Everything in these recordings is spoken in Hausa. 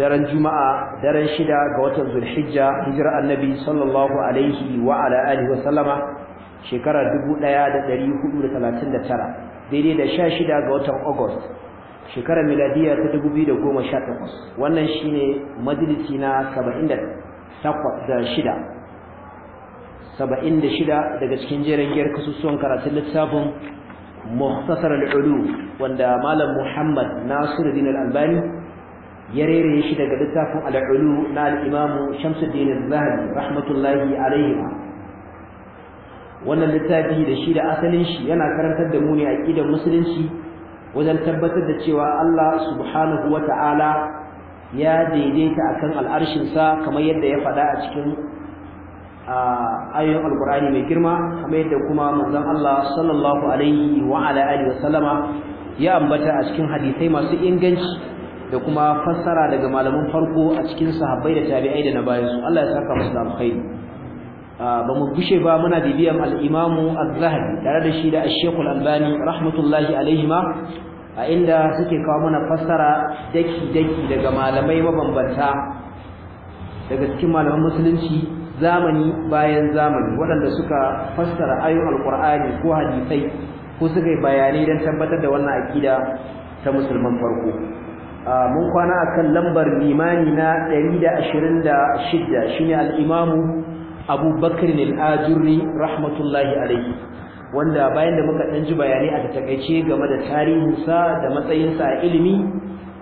daren juma'a daren shida ga watan zulhijja hijira annabi sallallahu alaihi wa ala alihi wa sallama shekara 1439 daidai da 16 ga watan august shekara miladiya ta 2018 wannan shine majalisi na 78 da shida 76 daga cikin jerin giyar kasusuwan karatun littafin muhtasar al-ulu wanda malam muhammad nasiruddin al-albani ya rere shi daga littafin al'ulu na al'imamu shamsuddin al rahmatullahi alaihi wannan littafi da shi da asalin shi yana karantar da mu ne ƙidan musulunci wajen tabbatar da cewa Allah subhanahu ta'ala ya daidaita akan kan sa kamar yadda ya faɗa a cikin ayoyin alqur'ani mai girma kamar yadda kuma manzon Allah sallallahu alaihi wa wa sallama ya ambata a cikin hadisai masu inganci da kuma fassara daga malamin farko a cikin sahabbai da tabi'ai da na bayan su Allah ya saka musu da alkhairi ba mu gushe ba muna bibiyan al-Imam al zahabi tare da shi da Sheikh Al-Albani rahmatullahi alaihima a inda suke kawo mana fassara daki daki daga malamai mabambanta daga cikin malaman musulunci zamani bayan zamani waɗanda suka fassara ayoyin alkur'ani ko hadisai ko suka yi bayanai don tabbatar da wannan akida ta musulman farko mun kwana a kan lambar limani na 126 shine al-imamu Abu Bakr al-Ajurri rahmatullahi alayhi wanda bayan da muka ɗanji bayanai a takaice game da tarihinsa da matsayinsa a ilimi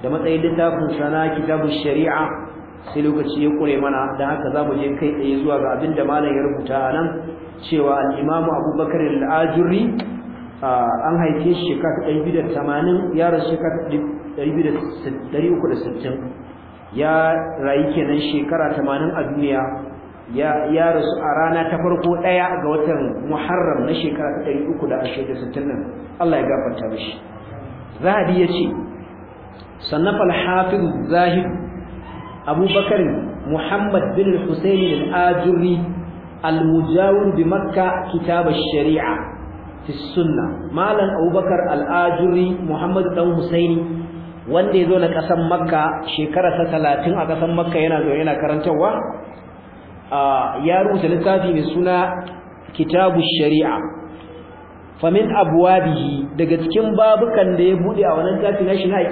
da matsayin da littafin sana kitabu shari'a sai lokaci ya kure mana dan haka zamu je kai tsaye zuwa ga abin da malam ya rubuta anan cewa al-Imam Abu Bakr al-Ajurri ah, an haife shi shekara 280 ya rasu shekara 360 ya rayu kenan shekara 80 a duniya ya ya rasu a rana ta farko daya ga watan Muharram na shekara 360 nan Allah ya gafarta mishi Zahabi yace sannafa al-Hafiz Zahid Abu Bakar Muhammad bin Husayn al-Ajuri al-Mujawir bi Makkah kitab ash-Shari'a fi sunnah Malam Abubakar al-Ajuri Muhammad dan Husayn wanda ya zo na kasan makka shekara ta talatin a ƙasar makka yana zo yana karantarwa ya rubuta littafi mai suna kitabu shari'a famin bihi, daga cikin babukan da ya bude a wannan tafi na shi na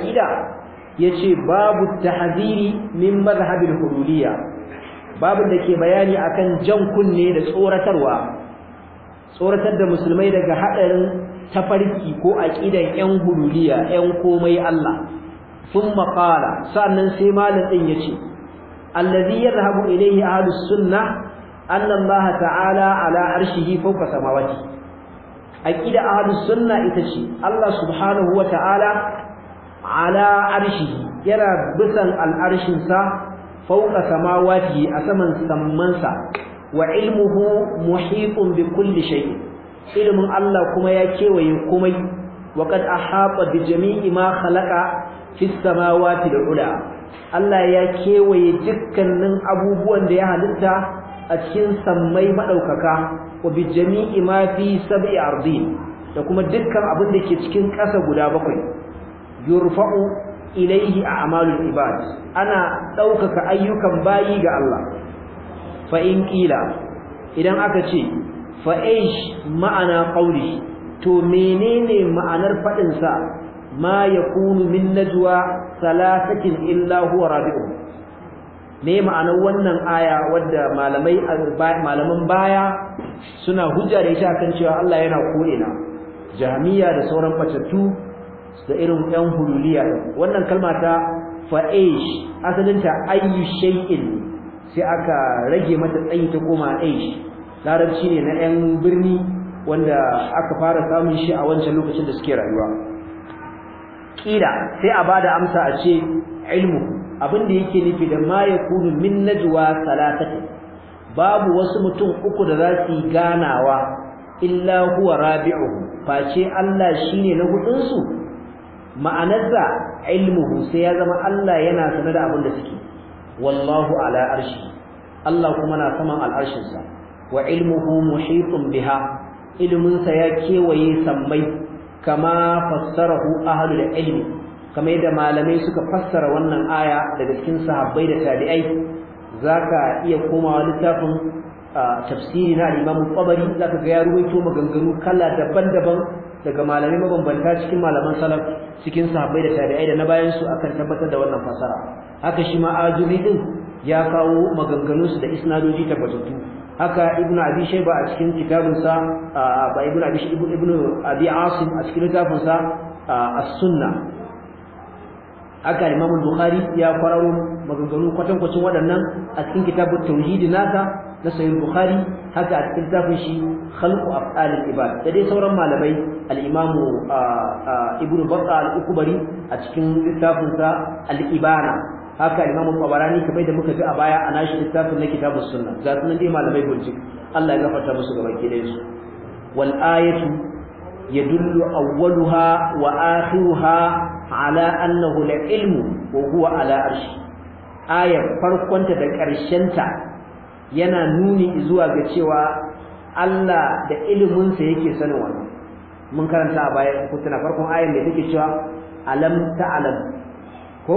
ya ce babu tahaziri min mazhabin hululiyya babin da ke bayani akan jan kunne da tsoratarwa tsoratar da musulmai daga haɗarin tafarki ko aƙidan 'yan hululiya 'yan komai Allah ثم قال سأنن سيمال إن يتي الذي يذهب إليه أهل السنة أن الله تعالى على عرشه فوق سماواته أكيد أهل السنة إتشي الله سبحانه وتعالى على عرشه يرى بثن العرش فوق سماواته أسمن سمنسا وعلمه محيط بكل شيء علم الله كما يكي ويقومي وقد أحاط بجميع ما خلق fi samawati da ula Allah ya kewaye dukkanin abubuwan da ya halitta a cikin sammai madaukaka wa bi jami'i ma fi sab'i ardi da kuma dukkan abin da ke cikin ƙasa guda bakwai yurfa'u ilaihi a'malul ibad ana ɗaukaka ayyukan bayi ga Allah fa in qila idan aka ce fa ma'ana qawli to menene ma'anar fadin sa ma يكون من نجوى salasatin illa هو rabi'u me ma'ana wannan aya wadda malamai malaman baya suna hujja da ita kan cewa Allah yana ko'ina jami'a da sauran bacatu da irin yan hululiya wannan kalma ta fa'ish asalin ta ayyu shay'in sai aka rage mata tsayi ta koma aish larabci ne na yan birni wanda aka fara samun shi a wancan lokacin da suke rayuwa kila sai a bada amsa a ce ilmu abin da yake nufi da ma yakunu min najwa salatati babu wasu mutum uku da za su ganawa illa huwa rabi'uhu face Allah shine na hudun su ma'anarsa ilmuhu sai ya zama Allah yana sanar da abin da suke wallahu ala arshi Allah kuma na saman al'arshinsa wa ilmuhu muhitun biha Iliminsa ya kewaye sammai kama fassarahu ahlul ilmi kama yadda malamai suka fassara wannan aya daga cikin sahabbai da tabi'ai zaka iya komawa littafin tafsiri na Imam Qabari zaka ga ya ruwaito maganganu kala daban-daban daga malamai mabambanta cikin malaman salaf cikin sahabbai da tabi'ai da na bayan su akan tabbatar da wannan fasara haka shi ma ajuri din ya kawo maganganunsu da isnadoji tabbatattu haka ibnu abi shayba a cikin kitabinsa ba ibnu abi shayba ibnu abi asim a cikin littafinsa as-sunna haka imam bukhari ya kwararo maganganun kwatankwacin waɗannan a cikin kitabut tauhid nasa na sahih bukhari haka a cikin littafin shi khalqu af'al al-ibad da dai sauran malamai al-imam ibnu baqa al-ukbari a cikin littafinsa al-ibana haka imamu tabarani kamar da muka ji a baya a nashi littafin na kitabus sunna ga sunan dai malamai bunci Allah ya gafarta musu baki da su wal ayatu yadullu awwaluha wa akhiruha ala annahu la ilmu wa huwa ala arshi ayar farkonta da ta yana nuni zuwa ga cewa Allah da iliminsa yake sanin mun karanta a baya ku tana farkon ayar da take cewa alam ta'lam ko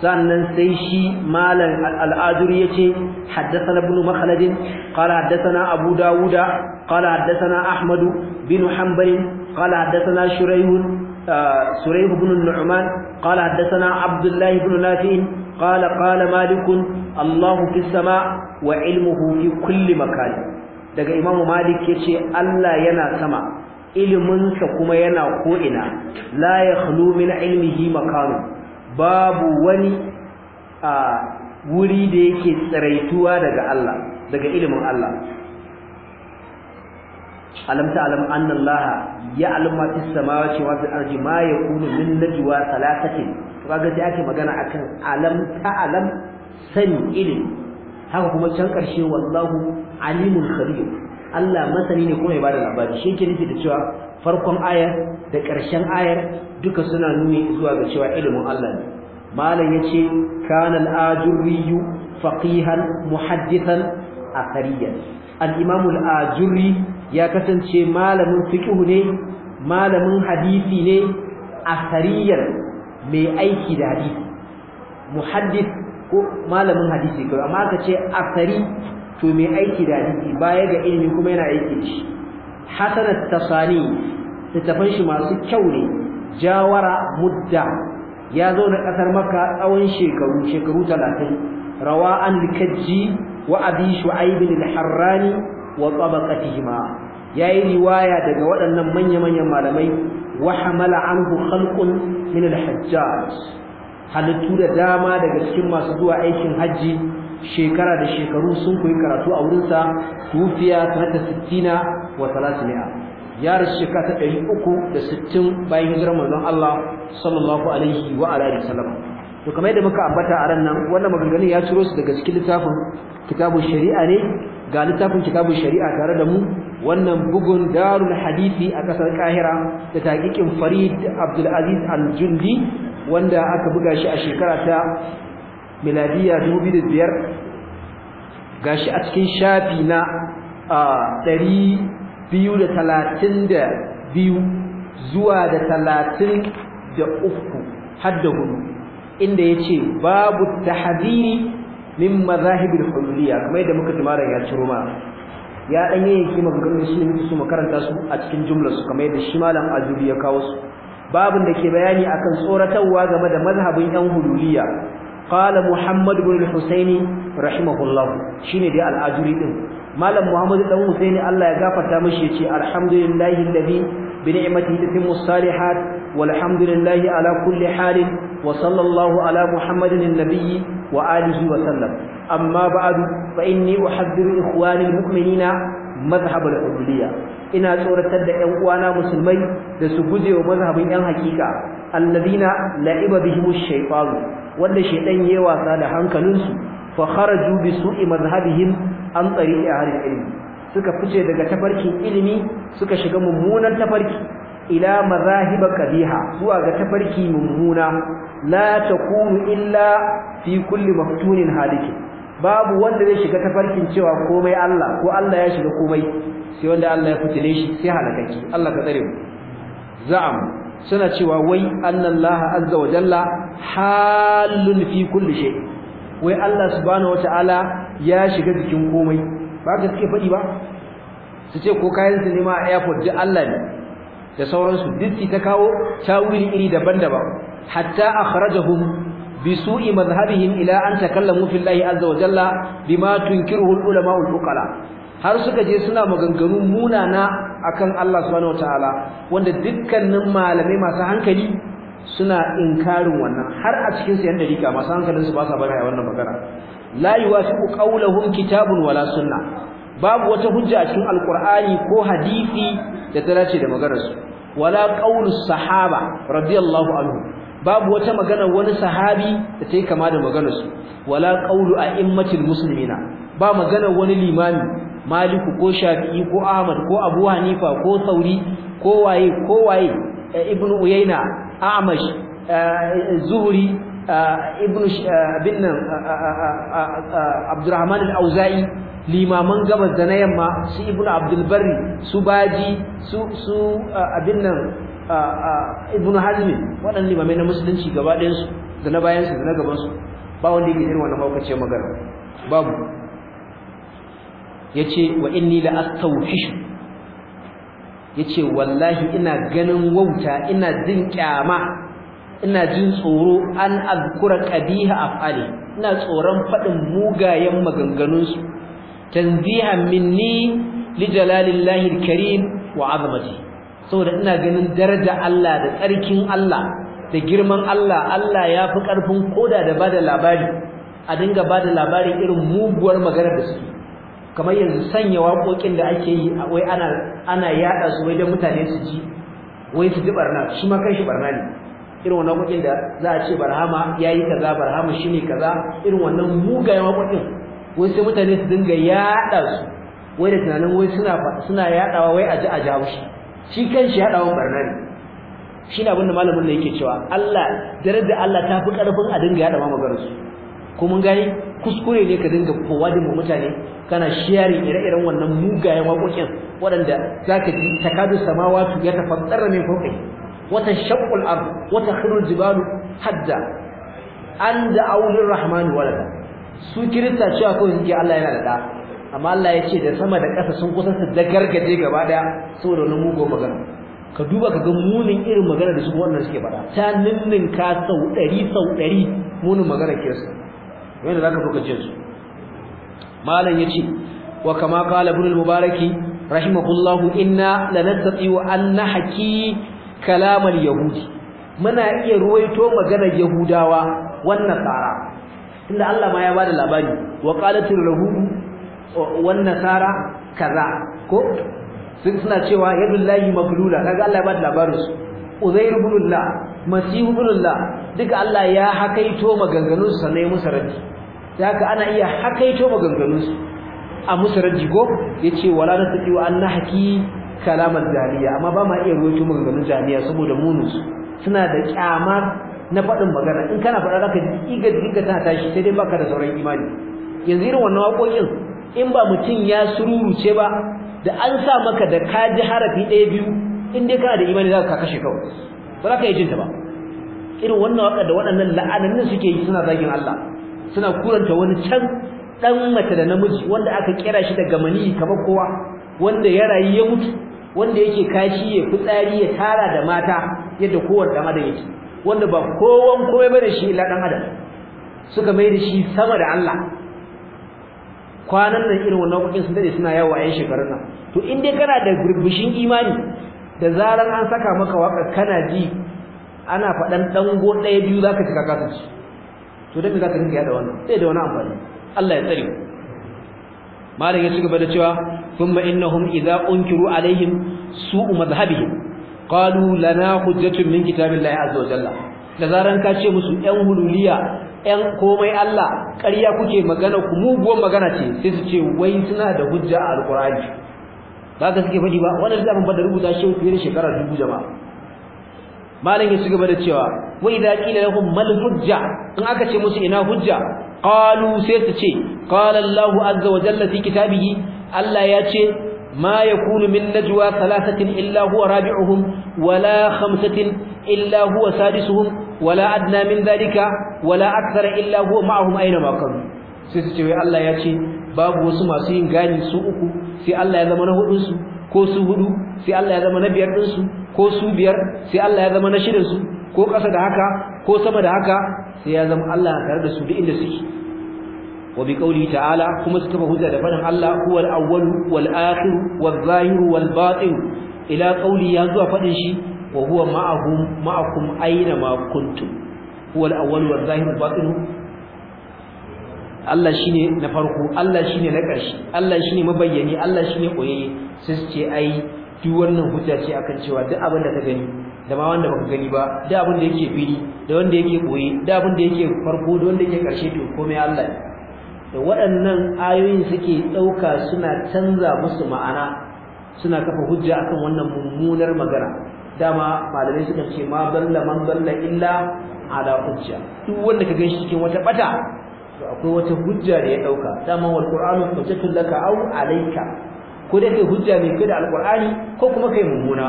sannan sai shi malam al'aduri yace haddathana ibn makhlad qala haddathana abu dawuda qala haddathana ahmad bin hanbal qala haddathana shuraih uh, shuraih ibn nu'man qala haddathana abdullah ibn nafi' qala qala malik allahu fi sama wa ilmuhu fi kulli makan daga imam malik yace allah yana sama iliminsa kuma yana ko'ina la ya khlu min ilmihi makanu babu wani a wuri da yake tsaraituwa daga Allah daga ilimin Allah alam ta'lam anna Allah ya'lamu ma fis samawati wa fil ardi ma yakunu min najwa salatatin to kaga sai ake magana akan alam ta'lam sani ilimi haka kuma can karshe wallahu alimul khabir Allah masani ne kuma ya bada labari shi ke nufi da cewa farkon ayar da karshen ayar duka suna nuni zuwa ga cewa ilimin Allah ne malam yace kana al-ajurri faqihan muhaddithan athariyan al-imam al-ajurri ya kasance malamin fiqh ne malamin hadisi ne athariyan mai aiki da hadisi muhaddith ko malamin hadisi ko amma ka ce athari to mai aiki da hadisi baya ga ilimi kuma yana aiki shi hasan at-tasani littafan shi masu kyau ne jawara mudda ya zo da kasar makka tsawon shekaru shekaru 30 rawa'an likajji wa abi shu'aib al-harrani wa tabaqatihima yayi riwaya daga waɗannan manya-manyan malamai wa hamala anhu khalqun min al-hajjaj halittu da dama daga cikin masu zuwa aikin haji shekara da shekaru sun koyi karatu a wurinsa tufiya sanata 60 wa 300 ya rasu shekara ta ɗari uku da sittin bayan hijirar manzon Allah sallallahu alaihi wa alihi to kamar yadda muka ambata a ran nan wannan maganganun ya ciro su daga cikin littafin kitabun shari'a ne ga littafin kitabun shari'a tare da mu wannan bugun darul hadisi a ƙasar Kahira da taƙiƙin Farid Abdul Aziz Al-Jundi wanda aka buga shi a shekara ta miladiya ga gashi a cikin shafi na ɗari. biyu da talatin da biyu zuwa da talatin da uku hadda hudu inda ya ce babu tahadiri min mazahibin hulliya kamar yadda muka tumara ya ciro ma ya dan yi yake maganganun shi ne su makaranta su a cikin jumlar su kamar yadda shi malam azubi ya kawo su babin da ke bayani akan tsoratarwa game da mazhabin yan hululiya qala muhammad ibn al-husaini rahimahullah shine dai al'aduri ajuri din malam muhammadu dan husaini Allah ya gafarta mishi yace alhamdulillahi alladhi bi ni'matihi tatimmu salihat walhamdulillahi ala kulli halin wa sallallahu ala muhammadin an-nabiyyi wa alihi wa sallam amma ba'du fa inni uhadhdhiru ikhwani al-mu'minina al-ubudiyya ina tsoratar da 'yan uwana musulmai da su guje wa mazhabin yan hakika alladina la'iba bihim ash-shaytan wanda shaytan yayi wasa da hankalinsu fa kharaju bi su'i mazhabihim an tsari a harin ilimi suka fice daga tafarkin ilimi suka shiga mummunan tafarki ila mazahiba kabiha zuwa ga tafarki mummuna la takunu illa fi kulli maftunin halikin babu wanda zai shiga tafarkin cewa komai Allah ko Allah ya shiga komai sai wanda Allah ya fitile shi sai halakaki Allah ka tsare mu za'am suna cewa wai annallaha azza wa jalla halun fi kulli shay wai Allah subhanahu wataala ya shiga jikin komai ba ka suke faɗi ba su ce ko kayan su ne ma a airport ji Allah ne da sauransu dinki ta kawo tawili iri daban-daban hatta akhrajahum madhhabihim ila an takallamu تكلموا في الله عز وجل بما تنكره العلماء العقلاء har suka je suna maganganu munana akan Allah subhanahu wataala wanda dukkanin malamai masu hankali suna inkarin wannan har a cikin su yanda rika masu hankalin su ba sa bari wannan magana la yuwasiqu qawluhum kitabun wala sunna babu wata hujja a cikin alqur'ani ko hadisi da ta dace da maganar su wala qawlus sahaba radiyallahu anhu babu wata magana wani sahabi da ta yi kama da maganar su wala a a'immatil muslimina ba magana wani limami maliku ko shafi'i ko ahmad ko abu hanifa ko sauri ko waye ko waye eh, ibnu uyayna amash Zuhri, ibn bin nan abdurrahman al-auza'i limaman gabas da na yamma su ibn abdul su baji su su abin nan ibn hazmi waɗannan limamai na musulunci gaba ɗayan da na bayansu da na gabansu. ba wanda yake irin wannan maukaciyar magana babu ya ce wa inni la astawhishu yace wallahi ina ganin wauta ina jin kyama ina jin tsoro an azkura qabiha afali ina tsoron fadin mugayen maganganun su tanzihan minni li jalalillahi alkarim wa azmati saboda ina ganin daraja Allah da tsarkin Allah da girman Allah Allah ya fi ƙarfin koda da bada labari a dinga bada labarin irin muguwar maganar da su. kamar yanzu sanya waƙoƙin da ake yi wai ana ana yaɗa su wai don mutane su ji wai su ji barna shi ma shi barna ne irin wannan waƙoƙin da za a ce barhama ya yi kaza barhama shi ne kaza irin wannan mugayen waƙoƙin wai sai mutane su dinga yaɗa su wai da tunanin wai suna suna yaɗawa wai a ji a jawo shi. shi kanshi yadawa barna ne shi ne abin da malamin da yake cewa Allah darajar Allah ta fi ƙarfin a dinga yaɗa ma maganarsu ko mun gane kuskure ne ka dinga da mu mutane kana sharing ire-iren wannan mugayen waƙoƙin waɗanda ka ji takadu samawatu ya tafaddara min kokai. wata shaqqul ardu wata khirul jibalu hadda an da aulir rahman walada su kirista cewa ko yake Allah yana da amma Allah ya ce da sama da ƙasa sun kusa su gargaje gaba daya saboda wani mugo magana ka duba ka ga munin irin magana da su wannan suke faɗa ta ninnin ka sau ɗari sau ɗari munin magana ke su da zaka fuka jin su malam yace wa kama qala ibn al-mubaraki rahimahullahu inna wa an nahki kalam al-yahudi muna iya ruwaito maganar yahudawa wannan tsara Inda Allah ma ya bada labari wa qalatir rahubu wannan tsara kaza ko sun suna cewa yadullahi maglula kaga Allah ya bada labarin su uzair ibn masihu billah duka Allah ya hakaito maganganun sa ne musu raddi haka ana iya hakaito maganganun su a musu raddi go yace wala nasati wa anna haki kalamar jami'a amma ba ma iya ruwaito maganganun jami'a saboda munus suna da kyama na faɗin magana in kana faɗa zaka diga diga ta tashi sai dai baka da sauran imani yanzu irin wannan waƙoƙin in ba mutum ya sururuce ba da an sa maka da kaji harafi ɗaya biyu in dai kana da imani zaka kashe kawai ba za ka yi jinta ba irin wannan waka da waɗannan la'anannin suke yi suna zagin Allah suna kuranta wani can ɗan mace da namiji wanda aka kira shi daga mani kamar kowa wanda ya rayu ya mutu wanda yake kashi ya fitsari ya tara da mata yadda kowar dan adam yake wanda ba kowan ba da shi la ɗan adam suka mai da shi sama da Allah kwanan nan irin wannan kokin sun dade suna yawo a yan shekarun nan to in dai kana da gurbushin imani da zarar an saka maka waka kana ji ana faɗan dango ɗaya biyu zaka cika kasa to daga zaka dinga yada wannan sai da wani amfani Allah ya tsare malam ya ci gaba da cewa thumma innahum idza unkiru alaihim su'u mazhabihi qalu lana hujjatun min kitabillahi azza wa jalla da zarar ka ce musu 'yan hululiya 'yan komai Allah ƙarya kuke magana ku muguwar magana ce sai su ce wai suna da hujja a alqur'ani ba gaske bane ba wannan littafin ba da rubuta shi fiye da shekara 2000 jama'a malam ya shiga da cewa wa idza qila lahum mal hujja in aka ce musu ina hujja qalu sai su ce qala allah azza wa jalla fi kitabihi allah ya ce ma yakunu min najwa thalathatin illa huwa rabi'uhum wala khamsatin illa huwa sadisuhum wala adna min wala akthara illa huwa ma'ahum aina ma sai su ce wai allah ya ce babu wasu masu yin gani su uku sai Allah ya zama na hudun su ko su hudu sai Allah ya zama na biyar din su ko su biyar sai Allah ya zama na shidan su ko ƙasa da haka ko sama da haka sai ya zama Allah tare da su duk inda suke wa bi qawli ta'ala kuma su kafa hujja da faɗin Allah huwal awwal wal akhir wal zahir wal batin ila qawli ya zuwa faɗin shi wa huwa ma'akum ma'akum aina ma kuntum huwal awwal wal zahir wal batin Allah shine na farko Allah shine na ƙarshe Allah shine mabayyani Allah shine koyayye sai su ce ai duk wannan hujja ce akan cewa duk abin da ka gani da ma wanda baka gani ba duk abin da yake fili da wanda yake koyi duk abin da yake farko da wanda yake ƙarshe to komai Allah ne da waɗannan ayoyin suke ɗauka suna canza musu ma'ana suna kafa hujja akan wannan mummunar magana dama malamai suka ce ma balla man balla illa ala hujja duk wanda ka ganshi cikin wata bata to akwai wata hujja da ya dauka dama wal qur'anu laka aw alayka ko dai kai hujja mai kai da alqur'ani ko kuma kai mummuna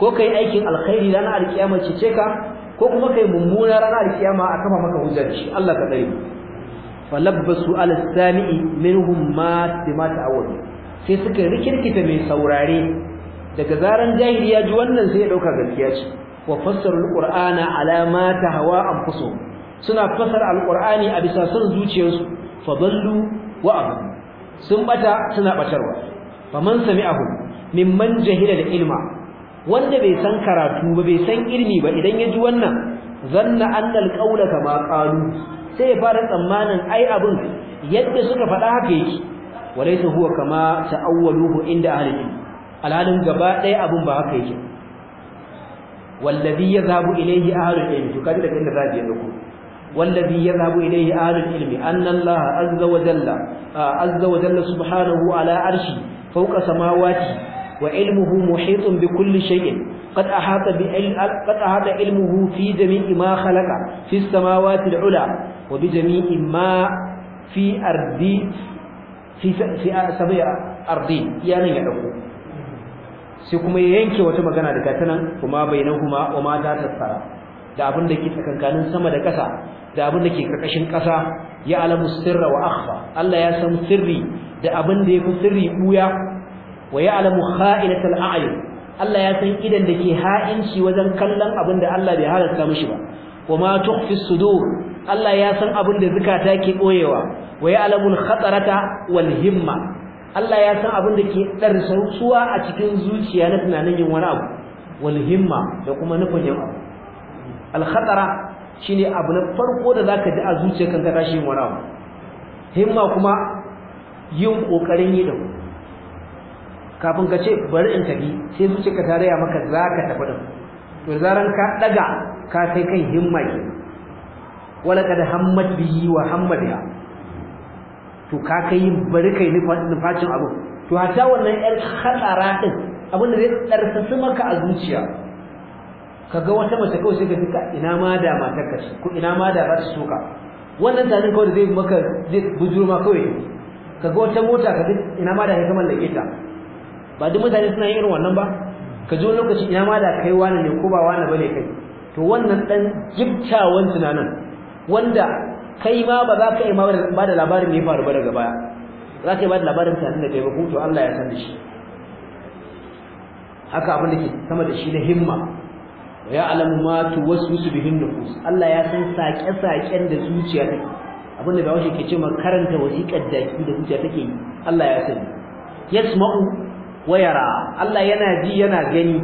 ko kai aikin alkhairi ranar alkiyama ce ce ka ko kuma kai mummuna ranar alkiyama a kafa maka hujja shi Allah ka tsare falabbasu ala sami'i minhum ma bima ta'awwadu sai suka rikirkita mai saurare daga zaran jahiliya ji wannan sai ya dauka gaskiya ce wa fassaru alqur'ana ala ma tahawa anfusuhum suna fasar alqur'ani a bisa san zuciyarsu fa ballu wa abu sun bata suna batarwa faman sami'ahu mimman jahila da ilma wanda bai san karatu ba bai san ilmi ba idan ya ji wannan zanna annal qawla kama qalu sai ya fara tsammanin ai abin yadda suka faɗa haka yake walaysa huwa kama ta'awwaluhu inda ahli ilmi alhalin gaba ɗaya abin ba haka yake wallazi yadhabu ilayhi ahli da to kaji daga inda zabi ya dauko والذي يذهب إليه أهل العلم أن الله عز وجل عز وجل سبحانه على عرشه فوق سماواته وعلمه محيط بكل شيء قد أحاط قد أحاط علمه في جميع ما خلق في السماوات العلى وبجميع ما في أرض في في سبع أرضين يعني يعقو sai kuma yanke wata magana daga tanan kuma bainahuma wa ma ta tsara da abin da ke tsakankanin sama da ƙasa da abin da ke ƙarƙashin ƙasa ya alamu sirra wa akhfa Allah ya san sirri da abin da yafi sirri buya wa ya alamu kha'inatal a'yun Allah ya san idan da ke ha'inci wajen kallon abin da Allah bai halarta mishi ba wa ma tukhfi sudur Allah ya san abin da zakata ke koyewa wa ya alamu khatarata wal himma Allah ya san abin da ke darsauwa a cikin zuciya na tunanin yin wani abu wal himma da kuma nufin yin abu alkhatara shine abu na farko da zaka ji a zuciyarka ka tashi yin wani abu himma kuma yin kokarin yi da kafin ka ce bari in tafi sai zuciyarka ta raya maka zaka tafi da to zaran ka daga ka kai kai himma ke wala kad hammat bihi wa hammadiha to ka kai bari kai nufacin abu to hatta wannan yar khatara din abinda zai tsarsasu maka a zuciya kaga wata mace kawai sai ka fi ka ina ma da matar ka ce ko ina ma da za ta wannan zanen kawai da zai maka zai bujuru ma kawai kaga wata mota ka ina ma da kai kamar lake ta ba duk mutane suna yin irin wannan ba ka ji wani lokaci ina ma da kai wani ne ko ba wani bane kai to wannan dan jibtawan tunanin wanda kai ma ba za ka yi ma ba da labarin ne ya faru ba daga baya za ka yi ba da labarin tunanin tunda kai ba ko to Allah ya san da shi haka abin da ke sama da shi na himma wa ya'lamu wasu tuwaswisu bihin nufus Allah ya san sake-saken da zuciya take abin da bawo ke cewa karanta wasiƙar daki da zuciya take yi Allah ya sani yasma'u wa yara Allah yana ji yana gani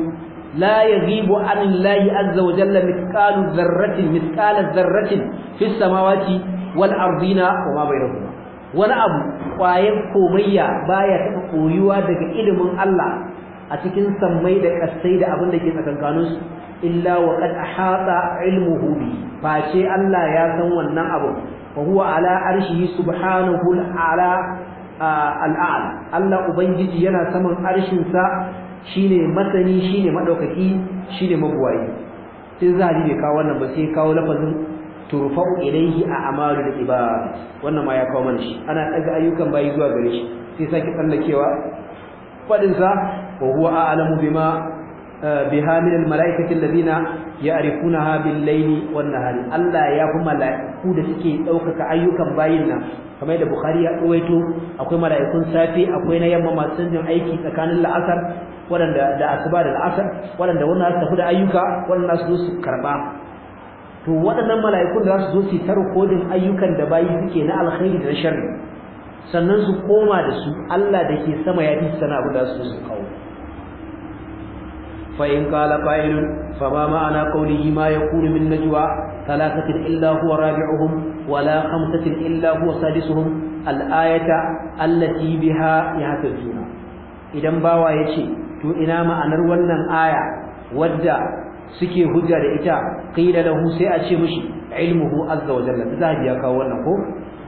la yaghibu an lahi azza wa jalla mithqalu dharratin mithqala dharratin fis samawati wal ardina wa ma bainahuma wani abu ƙwayen komayya baya taɓa koyuwa daga ilimin Allah a cikin sammai da ƙasai da abin da ke tsakankaninsu illa wa kad ahata ilmuhu bi fa ce Allah ya san wannan abu wa huwa ala arshihi subhanahu ala al'ala Allah ubangiji yana saman arshin sa shine masani shine madaukaki shine magwayi sai zali bai kawo wannan ba sai kawo lafazin turfa'u ilayhi a amalul ibad wannan ma ya kawo mana shi ana daga ayyukan bayi zuwa gare shi sai saki tsallakewa fadin sa wa huwa a'lamu bima biha min almalaikati alladhina ya'rifunaha bil layli wan nahari Allah ya fi mala'iku da suke daukaka ayyukan bayin nan kamar da Bukhari ya dawaito akwai mala'ikun safi akwai na yamma masu jin aiki tsakanin la'asar wadanda da asuba da la'asar wadanda wannan su tafi da ayyuka wannan su su karba to waɗannan mala'ikun da za su zo su ta rikodin ayyukan da bayi suke na alkhairi da sharri sannan su koma da su Allah da ke sama ya fi sana'a abu da su su kawo فإن قال قائل فما معنى قوله ما يكون من نجوى ثلاثة إلا هو رابعهم ولا خمسة إلا هو سادسهم الآية التي بها يهتدون idan bawa yace to ina ma'anar wannan aya wadda suke hujja da ita qila lahu sai a ce mishi ilmuhu azza wa jalla zahabi ya kawo wannan ko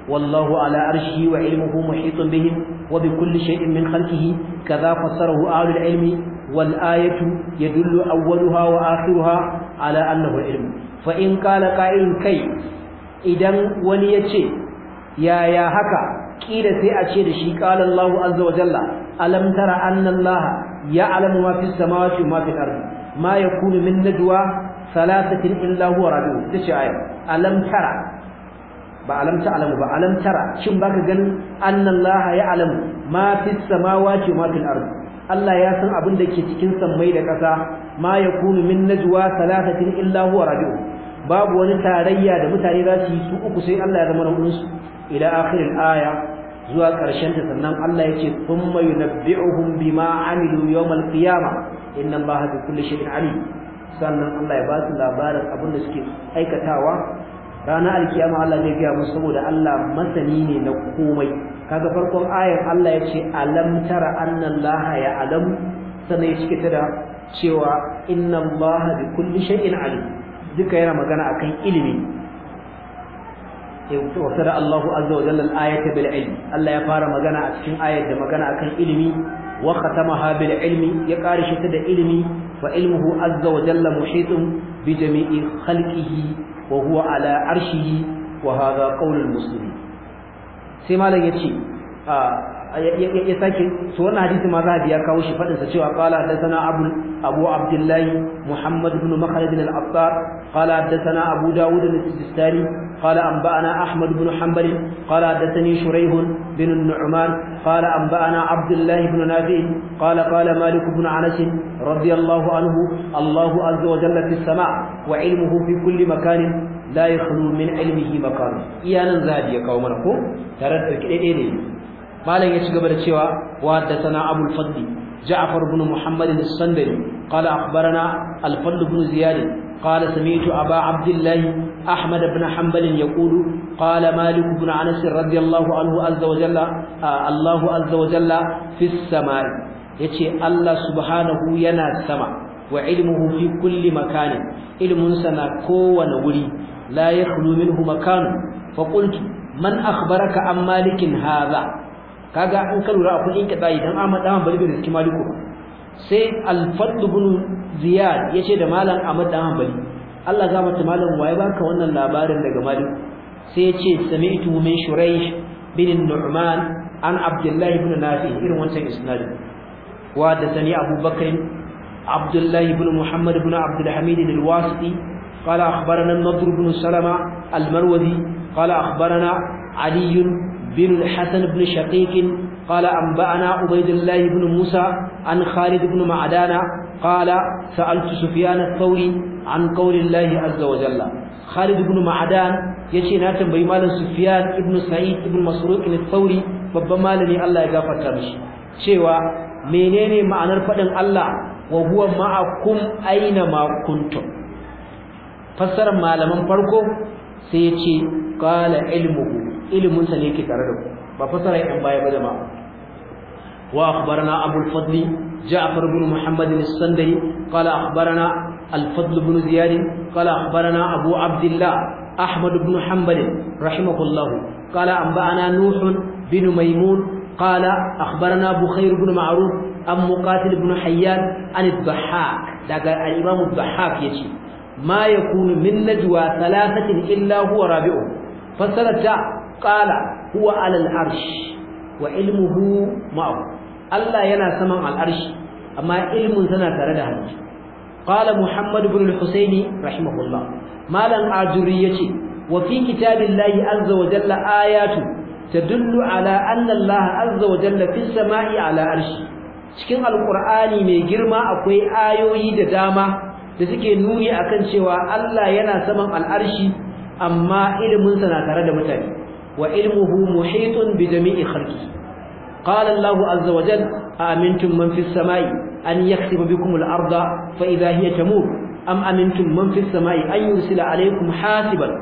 والله على عرشه وعلمه محيط بهم وبكل شيء من خلقه كذا فسره أهل العلم والايه يدل اولها واخرها على انه علم فان قال قائل كي اذا ولي يجي يا يا هكا kida sai a ce da shi qala Allahu azza wa jalla alam tara anna Allah ya alam ma fi samawati wa ma fi ardi ma yakunu min najwa thalathatin illa huwa radu ta ce aya alam tara ba alam alamu ba alam shin baka gan anna Allah ya alam ma fi samawati wa ma fi ardi Allah ya san abin da ke cikin sammai da ƙasa ma yakunu min najwa thalathatin illa huwa rabi'u babu wani tarayya da mutane za su yi su uku sai Allah ya zama rabbun su ila akhiril aya zuwa ƙarshen ta sannan Allah yake thumma yunabbi'uhum bima amilu yawmal qiyamah inna Allaha bi kulli shay'in alim sannan Allah ya ba su labarin abin da suke aikatawa ranar alkiyama Allah zai gaya musu saboda Allah masani ne na komai kaga farkon ayan Allah ya ce alam tara anna Allah ya alam sannan ya cike ta da cewa inna Allah bi kulli shay'in alim duka yana magana akan ilimi wasada Allah azza wa jalla al-ayata bil ilmi Allah ya fara magana a cikin ayar da magana akan ilimi wa khatamaha bil ilmi ya kare shi da ilimi fa ilmuhu azza wa jalla muhitun bi jami'i khalqihi wa huwa ala arshihi wa hadha qawlul muslimin sai malam ya ce ah, ya sake su wannan hadisi ma zahabi ya kawo shi fadin cewa qala hadathana abu abdullahi abdullah muhammad ibn makhlad al-attar qala hadathana abu daud al ba'ana qala anba'ana ahmad ibn hanbal qala hadathani shurayh bin an-nu'man qala anba'ana abdullah ibn nafi' qala qala malik ibn anas radiyallahu anhu allahu azza wa jalla fi sama wa ilmuhu fi kulli makanin la yakhlu min ilmihi makan iyanan zahabi biya kawo mana ko tarar dauke daidai ne malam ya ci gaba da cewa wa haddathana abul fadli ja'far ibn muhammad al-sandali qala akhbarana al-fadl ibn ziyad قال سمعت أبا عبد الله أحمد بن حنبل يقول قال مالك بن أنس رضي الله عنه عز وجل الله عز وجل في السماء يتي الله سبحانه ينا السماء wa ilmuhu fi kulli makanin ilmun sa na kowane wuri la yakhlu minhu makan fa qultu man akhbaraka an malikin hadha kaga an ka lura akwai inqidai dan Ahmad dan Hanbali bai riski Maliku sai al-Fadl ibn Ziyad da malam Ahmad dan Hanbali Allah ga mata malam waye wannan labarin daga Maliku sai yace sami'tu min Shuraish bin Nu'man an Abdullah ibn Nafi irin wancan isnad wa da sani Abu Bakr Abdullah ibn Muhammad ibn Abdul Hamid al-Wasiti قال أخبرنا النضر بن سلمة المروذي قال أخبرنا علي بن الحسن بن شقيق قال أنبأنا عبيد الله بن موسى عن خالد بن معدان قال سألت سفيان الثوري عن قول الله عز وجل خالد بن معدان yace na tambayi malam Sufyan ibn Sa'id ibn Masruq al-Thawri babban malami Allah ya gafarta mishi cewa menene ma'anar fadin Allah wa huwa ma'akum aina ma kuntum fassarar malaman farko sai ya ce qala ilmuhu ilmun ne yake tare da ku ba fassarar yan baya ba jama'a wa akhbarana abul fadl ja'far ibn muhammad al-sandai qala akhbarana al-fadl ibn ziyad qala akhbarana abu abdullah أحمد بن حنبل رحمه الله قال أنبأنا نوح بن ميمون قال أخبرنا بخير بن معروف أم مقاتل بن حيان عن الضحاك دقى الإمام الضحاك يجي ما يكون من نجوى ثلاثة إلا هو رابعه فسرت قال هو على العرش وعلمه معه الله ينا سمع على العرش أما علم سنة تردها قال محمد بن الحسين رحمه الله ما لن أعجريتي وفي كتاب الله عز وجل آيات تدل على أن الله عز وجل في السماء على عرشه cikin alkur'ani mai girma akwai ayoyi da dama da suke nuni akan cewa Allah yana saman al'arshi amma ilimin sa na tare da mutane wa ilmuhu muhitun bi jami'i khalqi qala Allahu azza wa jalla amintum man fis samai an yakhsiba bikum al arda fa idha hiya tamur am amintum man fis samai an yursila alaykum hasiban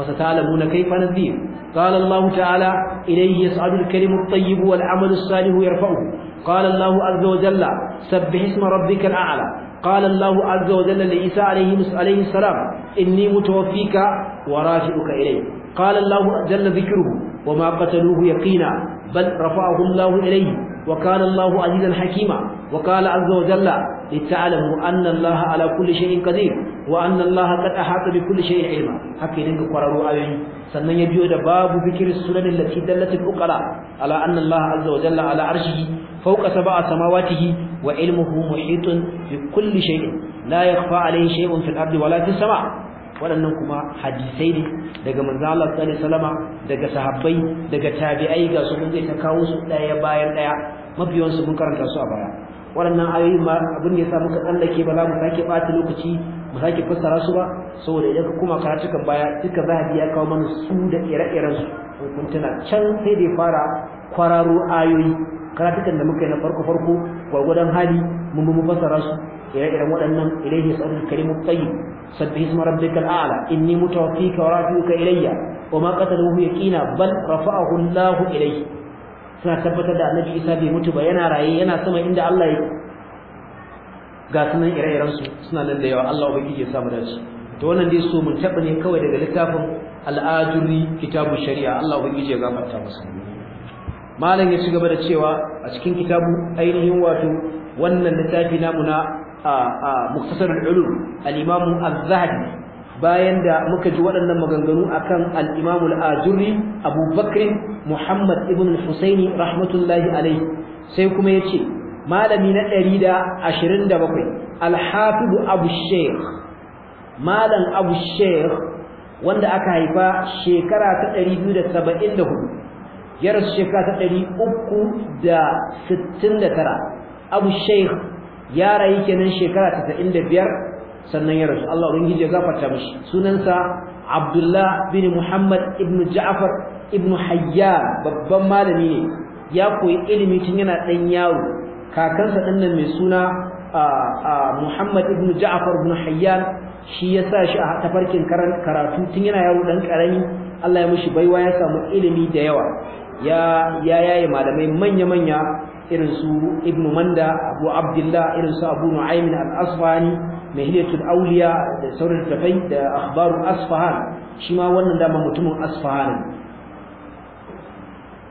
فستعلمون كيف نذير قال الله تعالى إليه يصعد الكلم الطيب والعمل الصالح يرفعه قال الله عز وجل سبح اسم ربك الأعلى قال الله عز وجل لعيسى عليه عليه السلام إني متوفيك ورافعك إلي قال الله جل ذكره وما قتلوه يقينا بل رفعه الله إليه وكان الله عزيزا حكيما وقال عز وجل لتعلموا أن الله على كل شيء قدير wa anna allaha qad ahata bi kulli shay'in ilma haka idan ka kwararo ayoyi sannan ya biyo da babu zikri sunanin lati dallati al-uqala ala anna allaha azza wa jalla ala arshihi fawqa sab'a samawatihi wa ilmuhu muhitun bi kulli shay'in la yakhfa alayhi shay'un fil ardi wala fis sama' waɗannan kuma hadisai ne daga manzo Allah sallallahu alaihi wasallama daga sahabbai daga tabi'ai ga su kun ta kawo su daya bayan daya mafiyan su mun karanta su a baya waɗannan ayoyi ma abin da yasa muka tsallake ba za mu sake bata lokaci ba za ki fassara su ba saboda idan ka kuma karatukan baya duka zahabi ya kawo mana su da ire-iren su kun can sai dai fara kwararo ayoyi karatukan da muka yi na farko-farko gwargwadon hali mun mu fassara su ire-iren waɗannan ilaihi sa'adul karimu tsayi sabbi isma rabbikal a'la inni mutawaffika wa rafi'uka ilayya wa ma hu yaqina bal rafa'ahu Allahu ilayhi suna tabbatar da annabi Isa bai mutu ba yana raye yana sama inda Allah ya ga sunan ire-iren su suna nan da yawa Allah ubangiji ya samu dace to wannan dai so mun taba ne kawai daga littafin al'ajuri kitabu shari'a Allah ubangiji ya gafarta masa malam ya ci gaba da cewa a cikin kitabu ainihin wato wannan littafi namu na a muktasar ulum al-imam az-zahabi bayan da muka ji waɗannan maganganu akan al-imam al-ajuri Abu Muhammad ibn husaini rahmatullahi alayhi sai kuma ya ce. malami na 127 al-hafiz abu shaykh malam abu shaykh wanda aka haifa shekara ta 274 yar shekara ta 369 abu shaykh ya rayu kenan shekara ta 95 sannan ya rasu Allah ubangiji ya gafarta mishi sunansa Abdullah bin Muhammad ibn Ja'far ibn Hayyan babban malami ne ya koyi ilimi tun yana dan yaro kakansa din nan mai suna Muhammad ibn Ja'far ibn Hayyan shi ya sa shi a tafarkin karatu tun yana yaro ɗan karami Allah ya mishi baiwa ya samu ilimi da yawa ya ya yaye malamai manya manya irin su Ibn Manda Abu Abdullah irin su Abu Nu'aym al-Asfahani Mahliyatul Awliya da sauran tafai da akhbaru Asfahan shi ma wannan dama mutumin Asfahani.